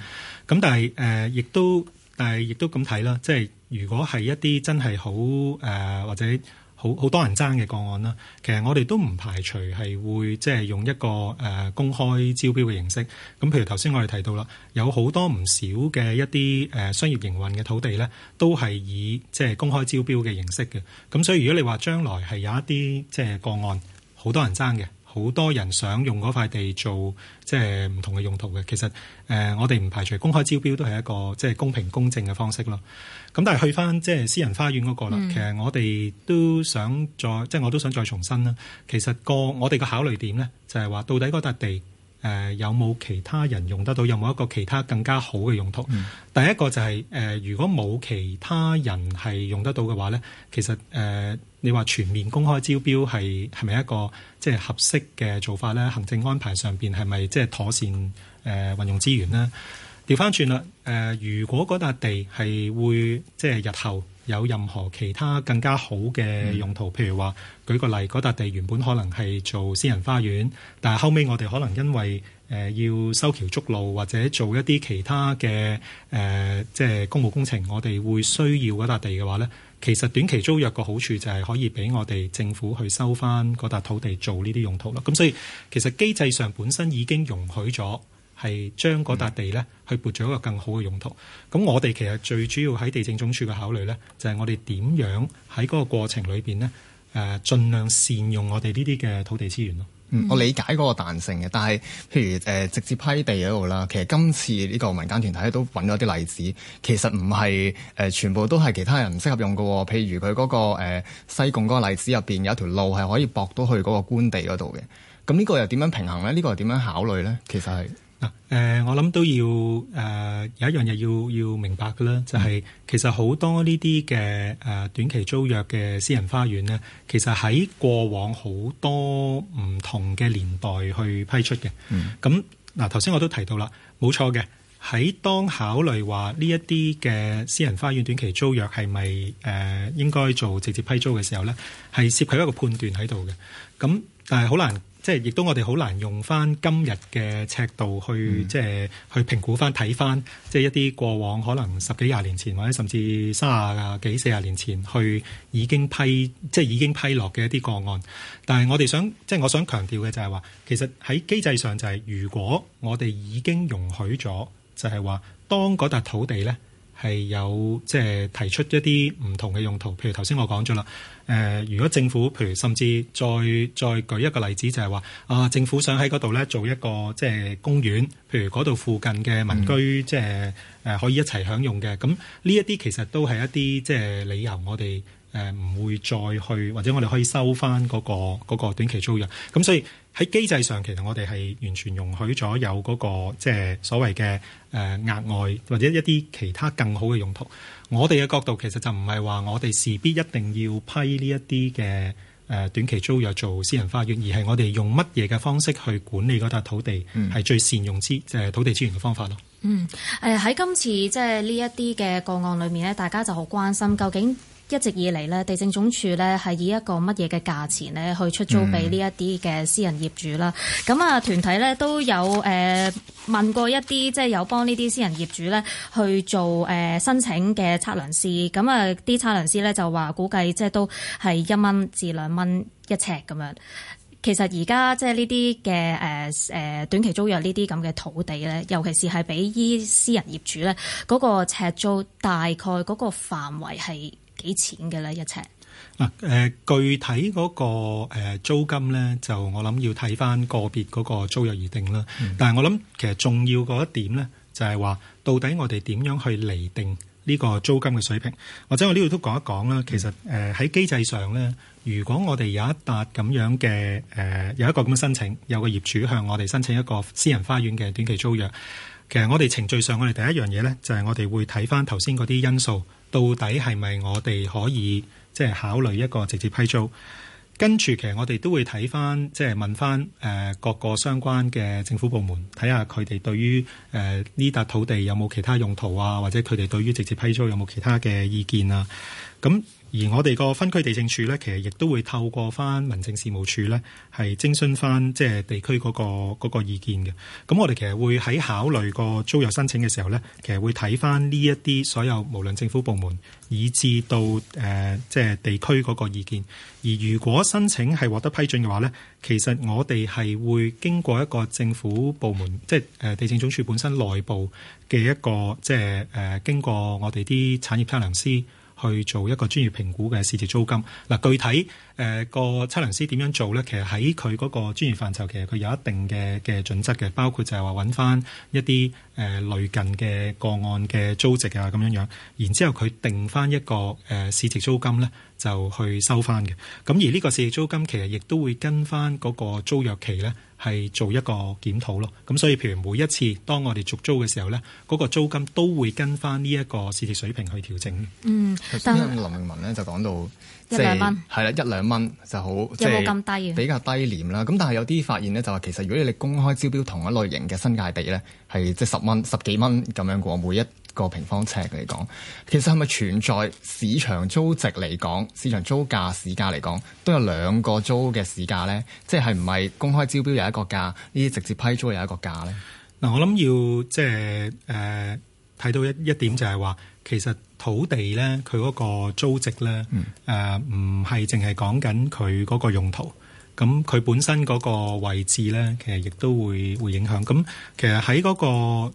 Speaker 2: 嗯、但係誒亦都但係亦都咁睇啦，即、就、係、是、如果係一啲真係好誒、呃、或者好好多人爭嘅個案啦，其實我哋都唔排除係會即係、就是、用一個誒、呃、公開招標嘅形式。咁譬如頭先我哋提到啦，有好多唔少嘅一啲誒商業營運嘅土地咧，都係以即係、就是、公開招標嘅形式嘅。咁所以如果你話將來係有一啲即係個案好多人爭嘅。好多人想用嗰塊地做即係唔同嘅用途嘅，其實誒、呃、我哋唔排除公開招標都係一個即係公平公正嘅方式咯。咁但係去翻即係私人花園嗰個啦，嗯、其實我哋都想再即係我都想再重申啦。其實個我哋嘅考慮點呢，就係、是、話到底嗰笪地。誒、呃、有冇其他人用得到？有冇一個其他更加好嘅用途？嗯、第一個就係、是、誒、呃，如果冇其他人係用得到嘅話呢，其實誒、呃，你話全面公開招標係係咪一個即係、就是、合適嘅做法呢？行政安排上邊係咪即係妥善誒、呃、運用資源呢？調翻轉啦，誒、呃，如果嗰笪地係會即係、就是、日後。有任何其他更加好嘅用途，譬如話舉個例，嗰笪地原本可能係做私人花園，但係後尾我哋可能因為誒、呃、要修橋築路或者做一啲其他嘅誒、呃、即係工務工程，我哋會需要嗰笪地嘅話咧，其實短期租約個好處就係可以俾我哋政府去收翻嗰笪土地做呢啲用途啦。咁所以其實機制上本身已經容許咗。係將嗰笪地咧去撥咗一個更好嘅用途。咁、嗯、我哋其實最主要喺地政總署嘅考慮咧，就係、是、我哋點樣喺嗰個過程裏邊呢，誒、呃，儘量善用我哋呢啲嘅土地資源咯。嗯、
Speaker 4: 我理解嗰個彈性嘅，但係譬如誒、呃、直接批地嗰度啦，其實今次呢個民間團體都揾咗啲例子，其實唔係誒全部都係其他人唔適合用㗎喎。譬如佢嗰、那個、呃、西貢嗰個例子入邊，有一條路係可以駁到去嗰個官地嗰度嘅。咁呢個又點樣平衡咧？呢、這個又點樣考慮咧？其實係。
Speaker 2: 嗱，誒、呃，我諗都要誒、呃、有一樣嘢要要明白嘅啦，就係、是、其實好多呢啲嘅誒短期租約嘅私人花園呢，其實喺過往好多唔同嘅年代去批出嘅。咁嗱、嗯，頭先我都提到啦，冇錯嘅，喺當考慮話呢一啲嘅私人花園短期租約係咪誒應該做直接批租嘅時候呢，係涉及一個判斷喺度嘅。咁但係好難。即係亦都我哋好難用翻今日嘅尺度去即係去評估翻睇翻即係一啲過往可能十幾廿年前或者甚至卅啊幾四廿年前去已經批即係已經批落嘅一啲個案，但係我哋想即係我想強調嘅就係話其實喺機制上就係如果我哋已經容許咗，就係話當嗰笪土地咧。係有即係提出一啲唔同嘅用途，譬如頭先我講咗啦，誒、呃，如果政府譬如甚至再再舉一個例子，就係、是、話啊，政府想喺嗰度呢做一個即係公園，譬如嗰度附近嘅民居、嗯、即係誒、呃、可以一齊享用嘅，咁呢一啲其實都係一啲即係理由我哋。誒唔、呃、會再去，或者我哋可以收翻嗰、嗰個嗰個短期租約。咁所以喺機制上，其實我哋係完全容許咗有嗰、嗰個即係所謂嘅誒額外，或者一啲其他更好嘅用途。我哋嘅角度其實就唔係話我哋事必一定要批呢一啲嘅誒短期租約做私人花園，而係我哋用乜嘢嘅方式去管理嗰笪土地係、嗯、最善用資即係土地資源嘅方法咯。嗯，
Speaker 3: 誒、呃、喺今次即係呢一啲嘅個案裏面咧，大家就好關心究竟。一直以嚟呢，地政總署呢係以一個乜嘢嘅價錢呢去出租俾呢一啲嘅私人業主啦、嗯。咁啊，團體呢都有誒問過一啲即係有幫呢啲私人業主呢去做誒申請嘅測量師。咁啊，啲測量師呢就話估計即係都係一蚊至兩蚊一尺咁樣。其實而家即係呢啲嘅誒誒短期租約呢啲咁嘅土地呢，尤其是係俾呢啲私人業主呢，嗰個尺租，大概嗰個範圍係幾錢嘅咧一尺嗱？
Speaker 2: 誒、啊呃，具體嗰、那個、呃、租金咧，就我諗要睇翻個別嗰個租約而定啦。嗯、但係我諗其實重要嗰一點咧，就係、是、話到底我哋點樣去釐定呢個租金嘅水平，或者我呢度都講一講啦。其實誒喺、呃、機制上咧，如果我哋有一笪咁樣嘅誒、呃、有一個咁嘅申請，有個業主向我哋申請一個私人花園嘅短期租約，其實我哋程序上我哋第一樣嘢咧，就係、是、我哋會睇翻頭先嗰啲因素。到底係咪我哋可以即係、就是、考慮一個直接批租？跟住其實我哋都會睇翻，即、就、係、是、問翻誒各個相關嘅政府部門，睇下佢哋對於誒呢笪土地有冇其他用途啊，或者佢哋對於直接批租有冇其他嘅意見啊？咁、嗯而我哋個分區地政處呢，其實亦都會透過翻民政事務處呢，係徵詢翻即係地區嗰、嗰個嗰個意見嘅。咁我哋其實會喺考慮個租約申請嘅時候呢，其實會睇翻呢一啲所有無論政府部門以至到誒、呃、即係地區嗰個意見。而如果申請係獲得批准嘅話呢，其實我哋係會經過一個政府部門，即係誒地政總署本身內部嘅一個，即係誒、呃、經過我哋啲產業測量師。去做一個專業評估嘅市值租金嗱、啊，具體。誒個測量師點樣做咧？其實喺佢嗰個專業範疇，其實佢有一定嘅嘅準則嘅，包括就係話揾翻一啲誒、呃、類近嘅個案嘅租值啊，咁樣樣，然之後佢定翻一個誒、呃、市值租金咧，就去收翻嘅。咁而呢個市值租金其實亦都會跟翻嗰個租約期咧，係做一個檢討咯。咁所以譬如每一次當我哋續租嘅時候咧，嗰、那個租金都會跟翻呢一個市值水平去調整。嗯，
Speaker 4: 頭先阿林詠雯咧就講到。
Speaker 3: 就是、一兩蚊，
Speaker 4: 係啦，一兩蚊就好，即係比較低廉啦。咁但係有啲發現咧，就係其實如果你哋公開招標同一類型嘅新界地咧，係即係十蚊、十幾蚊咁樣過每一個平方尺嚟講，其實係咪存在市場租值嚟講、市場租價市價嚟講都有兩個租嘅市價咧？即係係唔係公開招標有一個價，
Speaker 2: 呢啲直接批租有一個價咧？嗱、嗯，我諗要即係誒睇到一一點就係話。其實土地咧，佢嗰個租值咧，誒唔係淨係講緊佢嗰個用途，咁佢本身嗰個位置咧，其實亦都會會影響。咁其實喺嗰個誒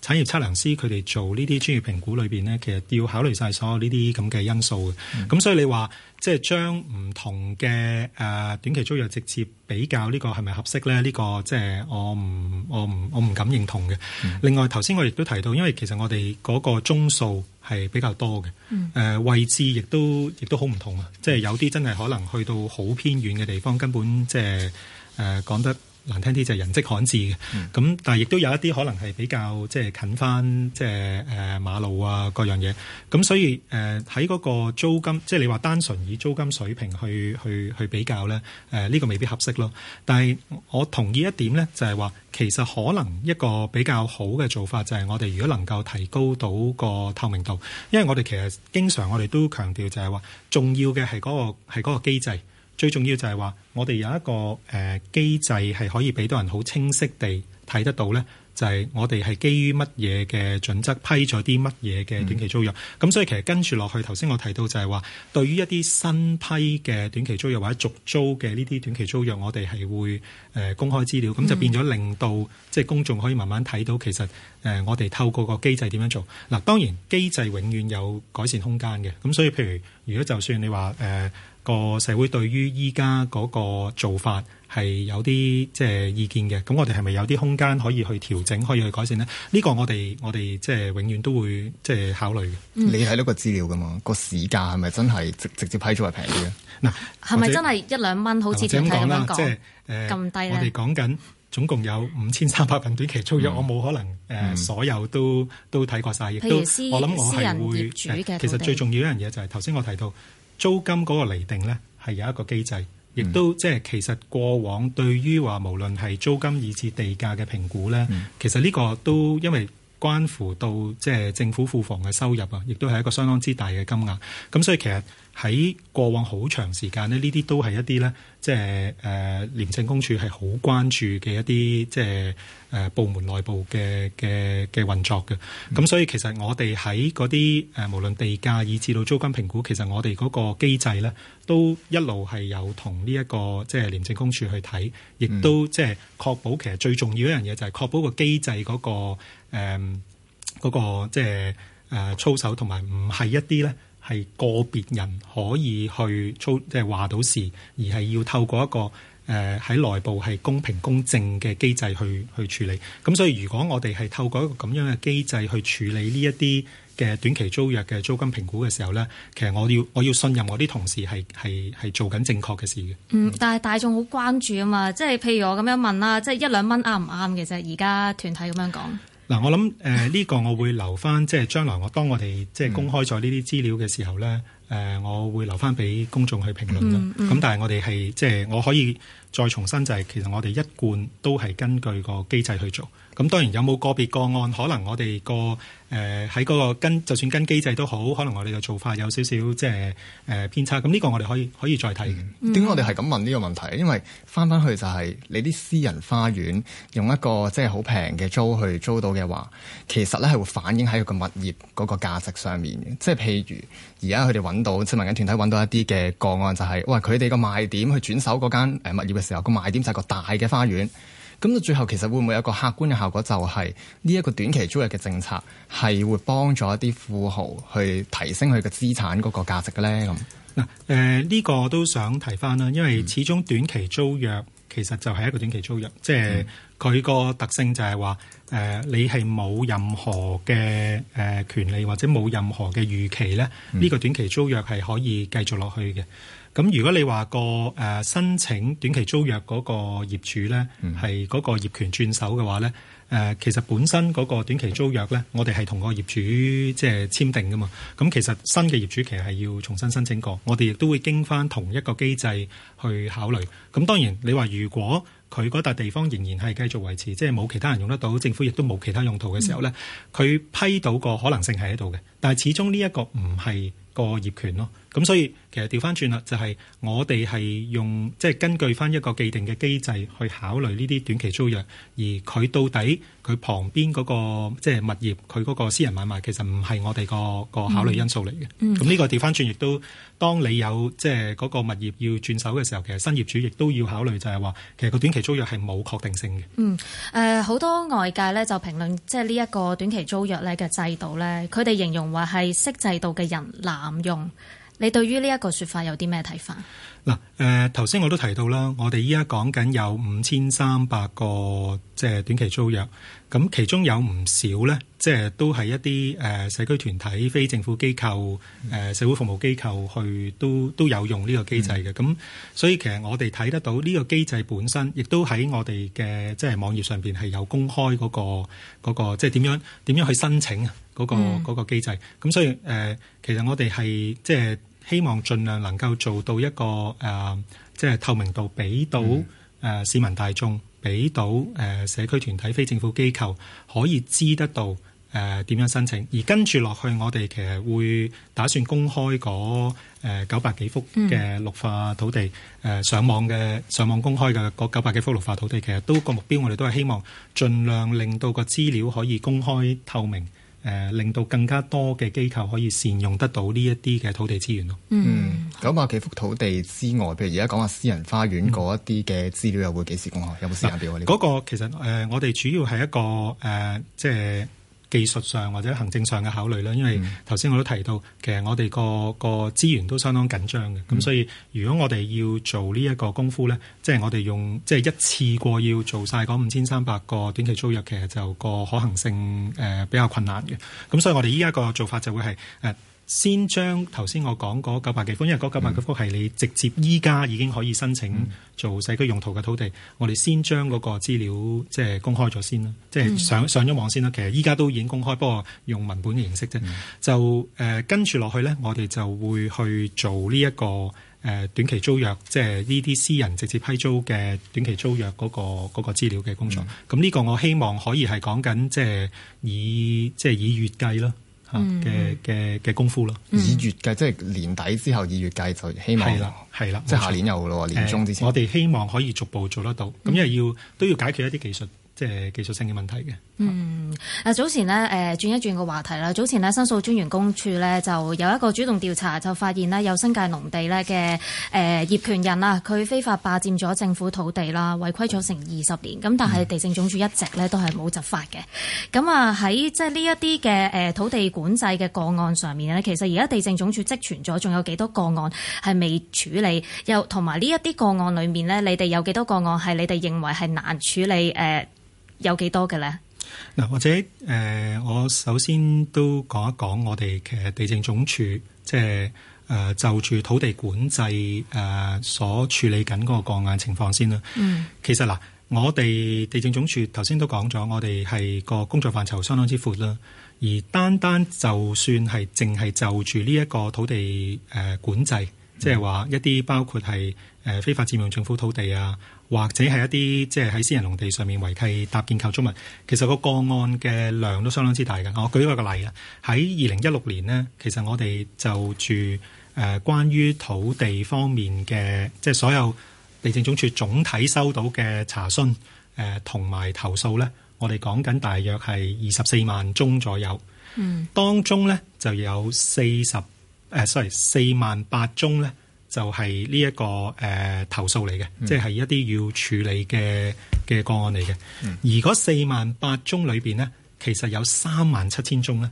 Speaker 2: 產業測量師佢哋做呢啲專業評估裏邊咧，其實,、那個呃、其實要考慮晒所有呢啲咁嘅因素嘅。咁、嗯、所以你話。即係將唔同嘅誒短期租約直接比較，呢、這個係咪合適咧？呢、這個即係我唔我唔我唔敢認同嘅。嗯、另外頭先我亦都提到，因為其實我哋嗰個宗數係比較多嘅，誒、嗯呃、位置亦都亦都好唔同啊！即係有啲真係可能去到好偏遠嘅地方，根本即係誒、呃、講得難聽啲就係人跡罕至嘅，咁、嗯、但係亦都有一啲可能係比較即係近翻即係誒馬路啊各樣嘢，咁所以誒喺嗰個租金，即係你話單純以租金水平去去去比較咧，誒呢個未必合適咯。但係我同意一點咧，就係話其實可能一個比較好嘅做法就係我哋如果能夠提高到個透明度，因為我哋其實經常我哋都強調就係話重要嘅係嗰個係嗰個機制。最重要就係話，我哋有一個誒、呃、機制係可以俾到人好清晰地睇得到呢，就係、是、我哋係基於乜嘢嘅準則批咗啲乜嘢嘅短期租約。咁、嗯、所以其實跟住落去，頭先我提到就係話，對於一啲新批嘅短期租約或者續租嘅呢啲短期租約，我哋係會誒、呃、公開資料，咁就變咗令到即係、就是、公眾可以慢慢睇到其實誒、呃、我哋透過個機制點樣做。嗱，當然機制永遠有改善空間嘅。咁所以譬如如果就算你話誒，呃個社會對於依家嗰個做法係有啲即係意見嘅，咁我哋係咪有啲空間可以去調整，可以去改善呢？呢、呢個我哋我哋即係永遠都會即係考慮嘅。
Speaker 4: 嗯、你睇呢個資料噶嘛？個市價係咪真係直直接批咗係
Speaker 2: 平啲咧？嗱、嗯，係咪真係
Speaker 3: 一兩蚊？好似頭先咁講啦，即、呃、係、
Speaker 2: 呃、咁低？我哋講緊總共有五千三百份短期租約，我冇可能誒、呃嗯、所有都都睇過晒。亦都我諗我係會。人其實最重要一樣嘢就係頭先我提到。租金嗰個釐定咧，係有一個機制，亦都即係其實過往對於話無論係租金以至地價嘅評估咧，嗯、其實呢個都因為關乎到即係政府庫房嘅收入啊，亦都係一個相當之大嘅金額，咁所以其實。喺過往好長時間呢，呢啲都係一啲呢，即係誒廉政公署係好關注嘅一啲，即係誒部門內部嘅嘅嘅運作嘅。咁、嗯、所以其實我哋喺嗰啲誒，無論地價以至到租金評估，其實我哋嗰個機制呢，都一路係有同呢一個即係、就是、廉政公署去睇，亦都即係確保、嗯、其實最重要一樣嘢就係確保個機制嗰、嗰個誒嗰、呃嗰個即係誒操守，同埋唔係一啲呢。係個別人可以去操即係話到事，而係要透過一個誒喺、呃、內部係公平公正嘅機制去去處理。咁所以如果我哋係透過一個咁樣嘅機制去處理呢一啲嘅短期租約嘅租金評估嘅時候咧，其實我要我要信任我啲同事係係係做緊正確嘅事嘅。
Speaker 3: 嗯，但係大眾好關注啊嘛，即係譬如我咁樣問啦，即係一兩蚊啱唔啱嘅啫？其實而家團體咁樣講。
Speaker 2: 嗱，我諗誒呢個我會留翻，即係將來我當我哋即係公開咗呢啲資料嘅時候咧，誒、嗯呃，我會留翻俾公眾去評論啦。咁、嗯嗯、但係我哋係即係我可以再重新就係、是、其實我哋一貫都係根據個機制去做。咁當然有冇個別個案，可能我哋個誒喺嗰個跟，就算跟機制都好，可能我哋嘅做法有少少即係誒偏差。咁呢個我哋可以可以再睇。點解、嗯、我哋係咁問呢個問題？因為翻翻去就係、是、你啲私人
Speaker 4: 花園用一個即係好平嘅租去租到嘅話，其實咧係會反映喺佢個物業嗰個價值上面嘅。即係譬如而家佢哋揾到市民緊團體揾到一啲嘅個案，就是，就係哇佢哋個賣點去轉手嗰間誒物業嘅時候，個賣點就係個大嘅花園。咁到最後，其實會唔會有一個客觀嘅效果，就係呢一個短期租約嘅政策係會幫助一啲富豪去提升佢嘅資產嗰個價值咧？咁嗱、
Speaker 2: 呃，誒、呢、呢個都想提翻啦，因為始終短期租約其實就係一個短期租約，即係佢個特性就係話誒，你係冇任何嘅誒權利或者冇任何嘅預期咧，呢、呢個短期租約係可以繼續落去嘅。咁如果你話個誒申請短期租約嗰個業主呢，係嗰、嗯、個業權轉手嘅話呢，誒、呃、其實本身嗰個短期租約呢，我哋係同個業主即係簽訂噶嘛。咁、嗯、其實新嘅業主其實係要重新申請過，我哋亦都會經翻同一個機制去考慮。咁、嗯、當然你話如果佢嗰笪地方仍然係繼續維持，即係冇其他人用得到，政府亦都冇其他用途嘅時候呢，佢、嗯、批到個可能性係喺度嘅。但係始終呢一個唔係個業權咯。咁所以其實調翻轉啦，就係、是、我哋係用即係、就是、根據翻一個既定嘅機制去考慮呢啲短期租約，而佢到底佢旁邊嗰、那個即係物業佢嗰個私人買賣其實唔係我哋個個考慮因素嚟嘅。咁呢、嗯、個調翻轉，亦都當你有即係嗰個物業要轉手嘅時候，其實新業主亦都要考慮就係話，其實個短期租約係冇確定性嘅。
Speaker 3: 嗯，誒、呃、好多外界咧就評論即係呢一個短期租約咧嘅制度咧，佢哋形容話係識制度嘅人濫用。你對於呢一個説法有啲咩睇法？嗱，
Speaker 2: 誒頭先我都提到啦，我哋依家講緊有五千三百個即係短期租約，咁其中有唔少呢，即係都係一啲誒社區團體、非政府機構、誒社會服務機構去都都有用呢個機制嘅。咁、嗯、所以其實我哋睇得到呢個機制本身，亦都喺我哋嘅即係網頁上邊係有公開嗰個嗰個、即係點樣點樣去申請嗰個嗰個機制。咁、嗯、所以誒、呃，其實我哋係即係。希望儘量能夠做到一個誒，即係透明度，俾到誒市民大眾，俾到誒社區團體、非政府機構可以知得到誒點樣申請，而跟住落去，我哋其實會打算公開嗰誒九百幾幅嘅綠化土地，誒上網嘅上網公開嘅嗰九百幾幅綠化土地，其實都個目標，我哋都係希望儘量令到個資料可以公開透明。誒令到更加多嘅機構可以善用得到呢一啲嘅土地資源咯。嗯，九百幾幅
Speaker 4: 土地之外，譬如而家講下私人花園嗰一啲嘅資料，又會幾時公開？有冇時間表啊？嗰、那
Speaker 2: 個其實誒、呃，我哋主要係一個誒、呃，即係。技術上或者行政上嘅考慮啦，因為頭先我都提到，其實我哋個個資源都相當緊張嘅，咁、嗯、所以如果我哋要做呢一個功夫呢，即係我哋用即係一次過要做晒嗰五千三百個短期租約，其實就個可行性誒、呃、比較困難嘅，咁所以我哋依家個做法就會係誒。呃先將頭先我講嗰九百幾幅，因為嗰九百幾幅係你直接依家已經可以申請做社區用途嘅土地，嗯、我哋先將嗰個資料即係、就是、公開咗先啦，即、就、係、是、上、嗯、上咗網先啦。其實依家都已經公開，不過用文本嘅形式啫。嗯、就誒跟住落去呢，呃、我哋就會去做呢、這、一個誒、呃、短期租約，即係呢啲私人直接批租嘅短期租約嗰、那個嗰、那個、資料嘅工作。咁呢、嗯、個我希望可以係講緊即係以即係、就是以，就是、以月計咯。嘅嘅嘅功夫咯，二月嘅即係年底之後二月計就希望係啦，係啦，即係下年有咯喎，年中之前、呃、我哋希望可以逐步做得到，咁、嗯、因為要都要解決一啲技術。即係技術性嘅問題
Speaker 3: 嘅。嗯，啊早前咧，誒、呃、轉一轉個話題啦。早前咧，申訴專員公署呢，就有一個主動調查，就發現呢有新界農地呢嘅誒業權人啊，佢非法霸佔咗政府土地啦，違規咗成二十年。咁但係地政總署一直呢都係冇執法嘅。咁啊喺即係呢一啲嘅誒土地管制嘅個案上面呢，其實而家地政總署積存咗，仲有幾多個案係未處理？又同埋呢一啲個案裡面呢，你哋有幾多個案係你哋認為係難處理誒？呃有幾多嘅咧？
Speaker 2: 嗱，或者誒、呃，我首先都講一講我哋其實地政總署，即係誒、呃、就住土地管制誒、呃、所處理緊嗰個個案情況先啦。嗯，其實嗱、呃，我哋地政總署頭先都講咗，我哋係個工作範疇相當之闊啦。而單單就算係淨係就住呢一個土地誒、呃、管制，嗯、即係話一啲包括係誒、呃、非法佔用政府土地啊。或者係一啲即係喺私人農地上面違契搭建構築物，其實個個案嘅量都相當之大嘅。我舉一個例啊，喺二零一六年呢，其實我哋就住誒、呃、關於土地方面嘅，即係所有地政總署總體收到嘅查詢誒同埋投訴呢，我哋講緊大約係二十四萬宗左右。嗯，當中呢就有四十誒，sorry，四萬八宗呢。就係呢一個誒、呃、投訴嚟嘅，即係一啲要處理嘅嘅個案嚟嘅。而嗰四萬八宗裏面呢，其實有三萬七千宗呢，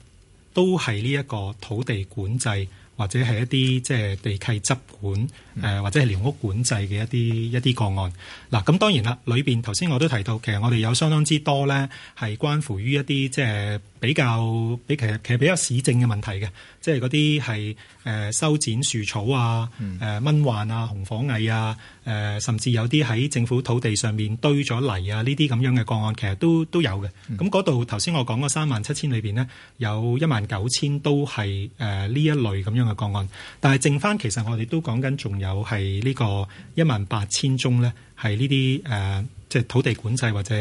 Speaker 2: 都係呢一個土地管制或者係一啲即係地契執管。誒或者係寮屋管制嘅一啲一啲個案，嗱、啊、咁當然啦，裏邊頭先我都提到，其實我哋有相當之多呢係關乎於一啲即係比較比其實其實比較市政嘅問題嘅，即係嗰啲係誒修剪樹草啊、誒、呃、蚊患啊、紅火蟻啊、誒、呃、甚至有啲喺政府土地上面堆咗泥啊呢啲咁樣嘅個案，其實都都有嘅。咁嗰度頭先我講嗰三萬七千裏邊呢，有一萬九千都係誒呢一類咁樣嘅個案，但係剩返其實我哋都講緊仲有。有係呢個一萬八千宗咧，係呢啲誒，即係土地管制或者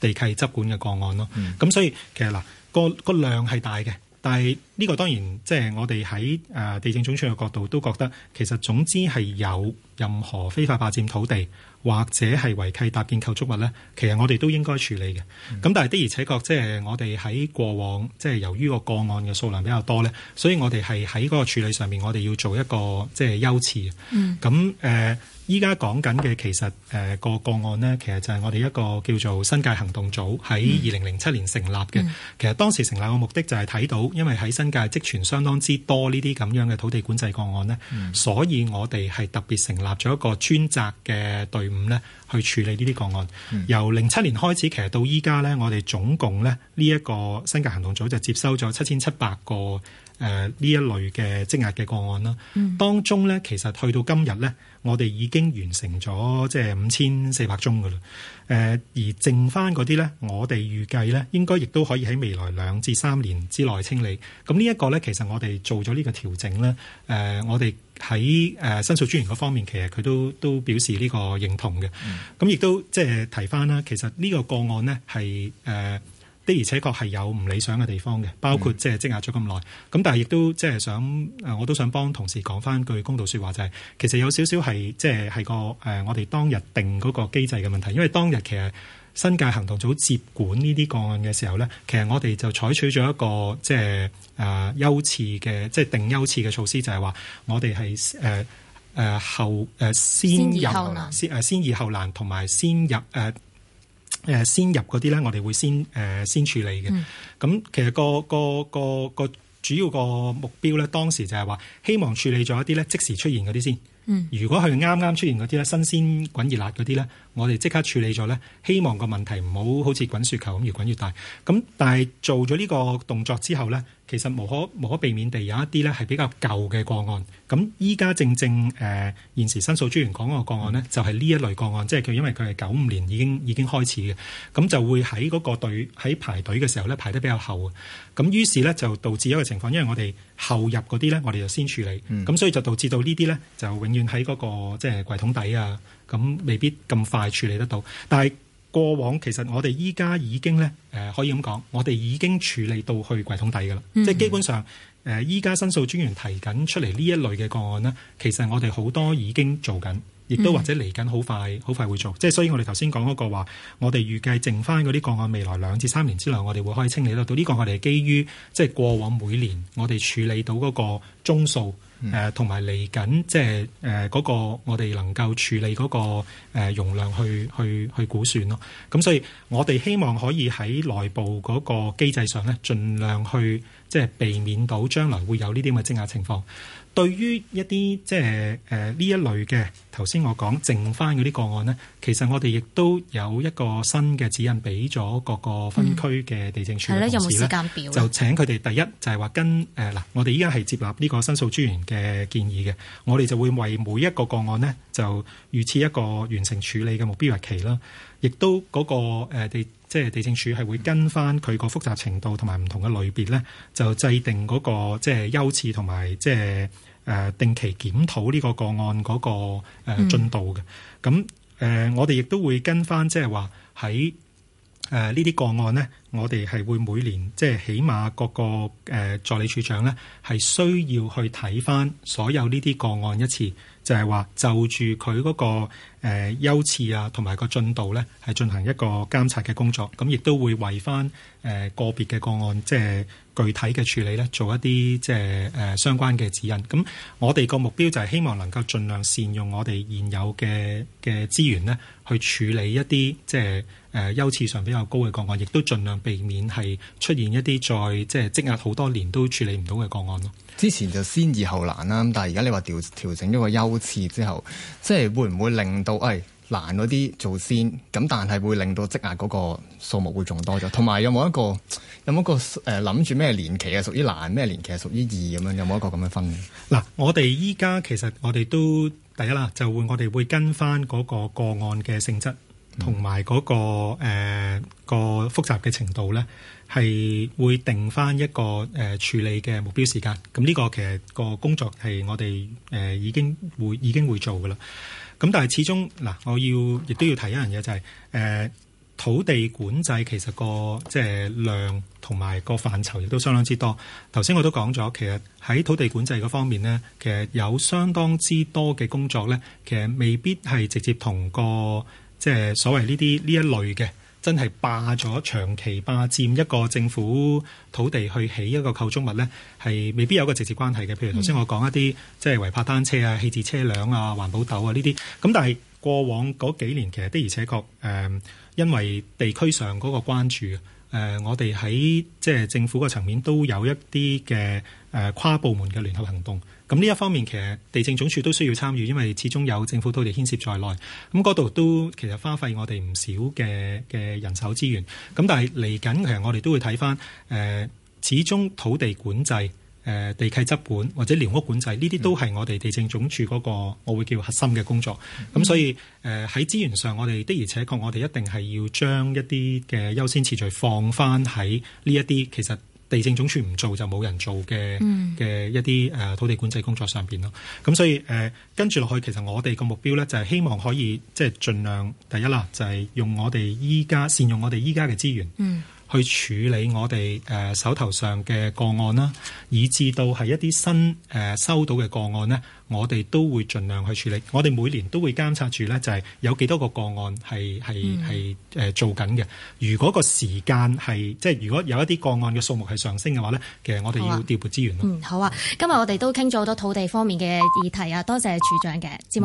Speaker 2: 地契執管嘅個案咯。咁、嗯、所以其實嗱，個個量係大嘅。但係呢個當然即係、就是、我哋喺誒地政總署嘅角度都覺得，其實總之係有任何非法霸佔土地或者係違契搭建構築物呢，其實我哋都應該處理嘅。咁、嗯、但係的而且確，即、就、係、是、我哋喺過往即係、就是、由於個個案嘅數量比較多呢，所以我哋係喺嗰個處理上面，我哋要做一個即係優次。就是、嗯，咁誒、嗯。呃依家講緊嘅其實誒、呃、個個案呢，其實就係我哋一個叫做新界行動組喺二零零七年成立嘅。嗯、其實當時成立嘅目的就係睇到，因為喺新界積存相當之多呢啲咁樣嘅土地管制個案呢，嗯、所以我哋係特別成立咗一個專責嘅隊伍呢去處理呢啲個案。嗯、由零七年開始，其實到依家呢，我哋總共咧呢一個新界行動組就接收咗七千七百個。誒呢、呃、一類嘅積壓嘅個案啦，嗯、當中呢，其實去到今日呢，我哋已經完成咗即係五千四百宗㗎喇。誒、呃、而剩翻嗰啲呢，我哋預計呢，應該亦都可以喺未來兩至三年之內清理。咁呢一個呢，其實我哋做咗呢個調整咧。誒、呃、我哋喺誒申訴專員嗰方面，其實佢都都表示呢個認同嘅。咁亦、嗯嗯、都即係提翻啦，其實呢個個案呢係誒。的而且確係有唔理想嘅地方嘅，包括即係積壓咗咁耐。咁、嗯、但係亦都即係想，我都想幫同事講返句公道説話，就係、是、其實有少少係即係係個誒、呃，我哋當日定嗰個機制嘅問題。因為當日其實新界行動組接管呢啲個案嘅時候咧，其實我哋就採取咗一個即係誒優次嘅，即係、呃、定優次嘅措施，就係、是、話我哋係誒誒後誒、呃、先入先誒先易後難，同埋先、呃、先，先入誒。呃誒先入嗰啲咧，我哋會先誒、呃、先處理嘅。咁、嗯、其實、個、個個、個主要個目標咧，當時就係話希望處理咗一啲咧即時出現嗰啲先。嗯、如果係啱啱出現嗰啲咧，新鮮滾熱辣嗰啲咧，我哋即刻處理咗咧，希望個問題唔好好似滾雪球咁越滾越大。咁但係做咗呢個動作之後咧。其實無可無可避免地有一啲咧係比較舊嘅個案，咁依家正正誒、呃、現時申訴專員講嗰個個案呢，就係、是、呢一類個案，即係佢因為佢係九五年已經已經開始嘅，咁就會喺嗰個隊喺排隊嘅時候呢，排得比較後，咁於是呢，就導致一個情況，因為我哋後入嗰啲呢，我哋就先處理，咁、嗯、所以就導致到呢啲呢，就永遠喺嗰、那個即係櫃桶底啊，咁未必咁快處理得到，但係。過往其實我哋依家已經呢，誒、呃、可以咁講，我哋已經處理到去櫃桶底噶啦，嗯、即係基本上誒依家申訴專員提緊出嚟呢一類嘅個案呢，其實我哋好多已經做緊，亦都或者嚟緊好快好快會做。即係所以我哋頭先講嗰個話，我哋預計剩返嗰啲個案未來兩至三年之內，我哋會可以清理得到呢、呢個我哋係基於即係過往每年我哋處理到嗰個宗數，誒同埋嚟緊，即係誒嗰個我哋能夠處理嗰個誒容量去去去估算咯。咁所以我哋希望可以喺內部嗰個機制上咧，盡量去即係、就是、避免到將來會有呢啲咁嘅積壓情況。對於一啲即係誒呢一類嘅頭先我講剩翻嗰啲個案呢，其實我哋亦都有一個新嘅指引，俾咗各個分區嘅地政處同事咧、嗯，就請佢哋第一就係話跟誒嗱、呃，我哋依家係接納呢個申訴專員嘅建議嘅，我哋就會為每一個個案呢，就預設一個完成處理嘅目標日期啦。亦都嗰、那個、呃、地即係、就是、地政署係會跟翻佢個複雜程度同埋唔同嘅類別呢，就制定嗰、那個即係、就是、優次同埋即係。就是誒、呃、定期檢討呢個個案嗰、那個誒、呃嗯、進度嘅，咁、呃、誒我哋亦都會跟翻，即係話喺。誒呢啲個案呢，我哋係會每年即係起碼各個誒助理處長呢，係需要去睇返所有呢啲個案一次，就係話就住佢嗰個誒優次啊，同埋個進度呢，係進行一個監察嘅工作。咁亦都會為返誒個別嘅個案，即係具體嘅處理呢，做一啲即係誒相關嘅指引。咁我哋個目標就係希望能夠盡量善用我哋現有嘅嘅資源呢，去處理一啲即係。誒、呃、優次上比較高嘅個案，亦都盡量避免係出現一啲再即係積壓好多年都處理唔到嘅個案咯。
Speaker 4: 之前就先易後難啦，但係而家你話調調整咗個優次之後，即係會唔會令到誒難嗰啲做先？咁但係會令到積壓嗰個數目會仲多咗。同埋有冇一個有冇一個誒諗住咩年期啊？屬於難咩年期？屬於易咁樣？有冇一個咁嘅分？
Speaker 2: 嗱，我哋依家其實，我哋都第一啦，就會我哋會跟翻嗰個個案嘅性質。同埋嗰個誒、呃、個複雜嘅程度呢，係會定翻一個誒、呃、處理嘅目標時間。咁呢個其實個工作係我哋誒、呃、已經會已經會做㗎喇。咁但係始終嗱、呃，我要亦都要提一樣嘢就係、是、誒、呃、土地管制其實、那個即係、就是、量同埋個範疇亦都相當之多。頭先我都講咗，其實喺土地管制嗰方面呢，其實有相當之多嘅工作呢，其實未必係直接同個。即係所謂呢啲呢一類嘅，真係霸咗長期霸佔一個政府土地去起一個構築物呢，係未必有個直接關係嘅。譬如頭先我講一啲即係違泊單車啊、棄置車輛啊、環保斗啊呢啲。咁但係過往嗰幾年，其實的而且確誒、呃，因為地區上嗰個關注，誒、呃、我哋喺即係政府個層面都有一啲嘅誒跨部門嘅聯合行動。咁呢一方面其實地政總署都需要參與，因為始終有政府土地牽涉在內。咁嗰度都其實花費我哋唔少嘅嘅人手資源。咁、嗯、但係嚟緊其實我哋都會睇翻，誒、呃、始終土地管制、誒、呃、地契執管或者寮屋管制呢啲都係我哋地政總署嗰個，我會叫核心嘅工作。咁、嗯、所以誒喺、呃、資源上，我哋的而且確我哋一定係要將一啲嘅優先次序放翻喺呢一啲其實。地政總署唔做就冇人做嘅嘅，嗯、一啲誒土地管制工作上邊咯，咁所以誒、呃、跟住落去，其實我哋個目標咧就係，是，希望可以即係盡量第一啦，就係，是，用我哋依家善用我哋依家嘅資源。嗯去處理我哋誒手頭上嘅個案啦，以至到係一啲新誒收到嘅個案呢，我哋都會盡量去處理。我哋每年都會監察住呢，就係有幾多個個案係係係誒做緊嘅。如果個時間係即係如果有一啲個案嘅數目係上升嘅話呢，其實我哋要調撥資源咯。
Speaker 3: 啊，嗯。好啊。今日我哋都傾咗好多土地方面嘅議題啊，多謝處長嘅節目。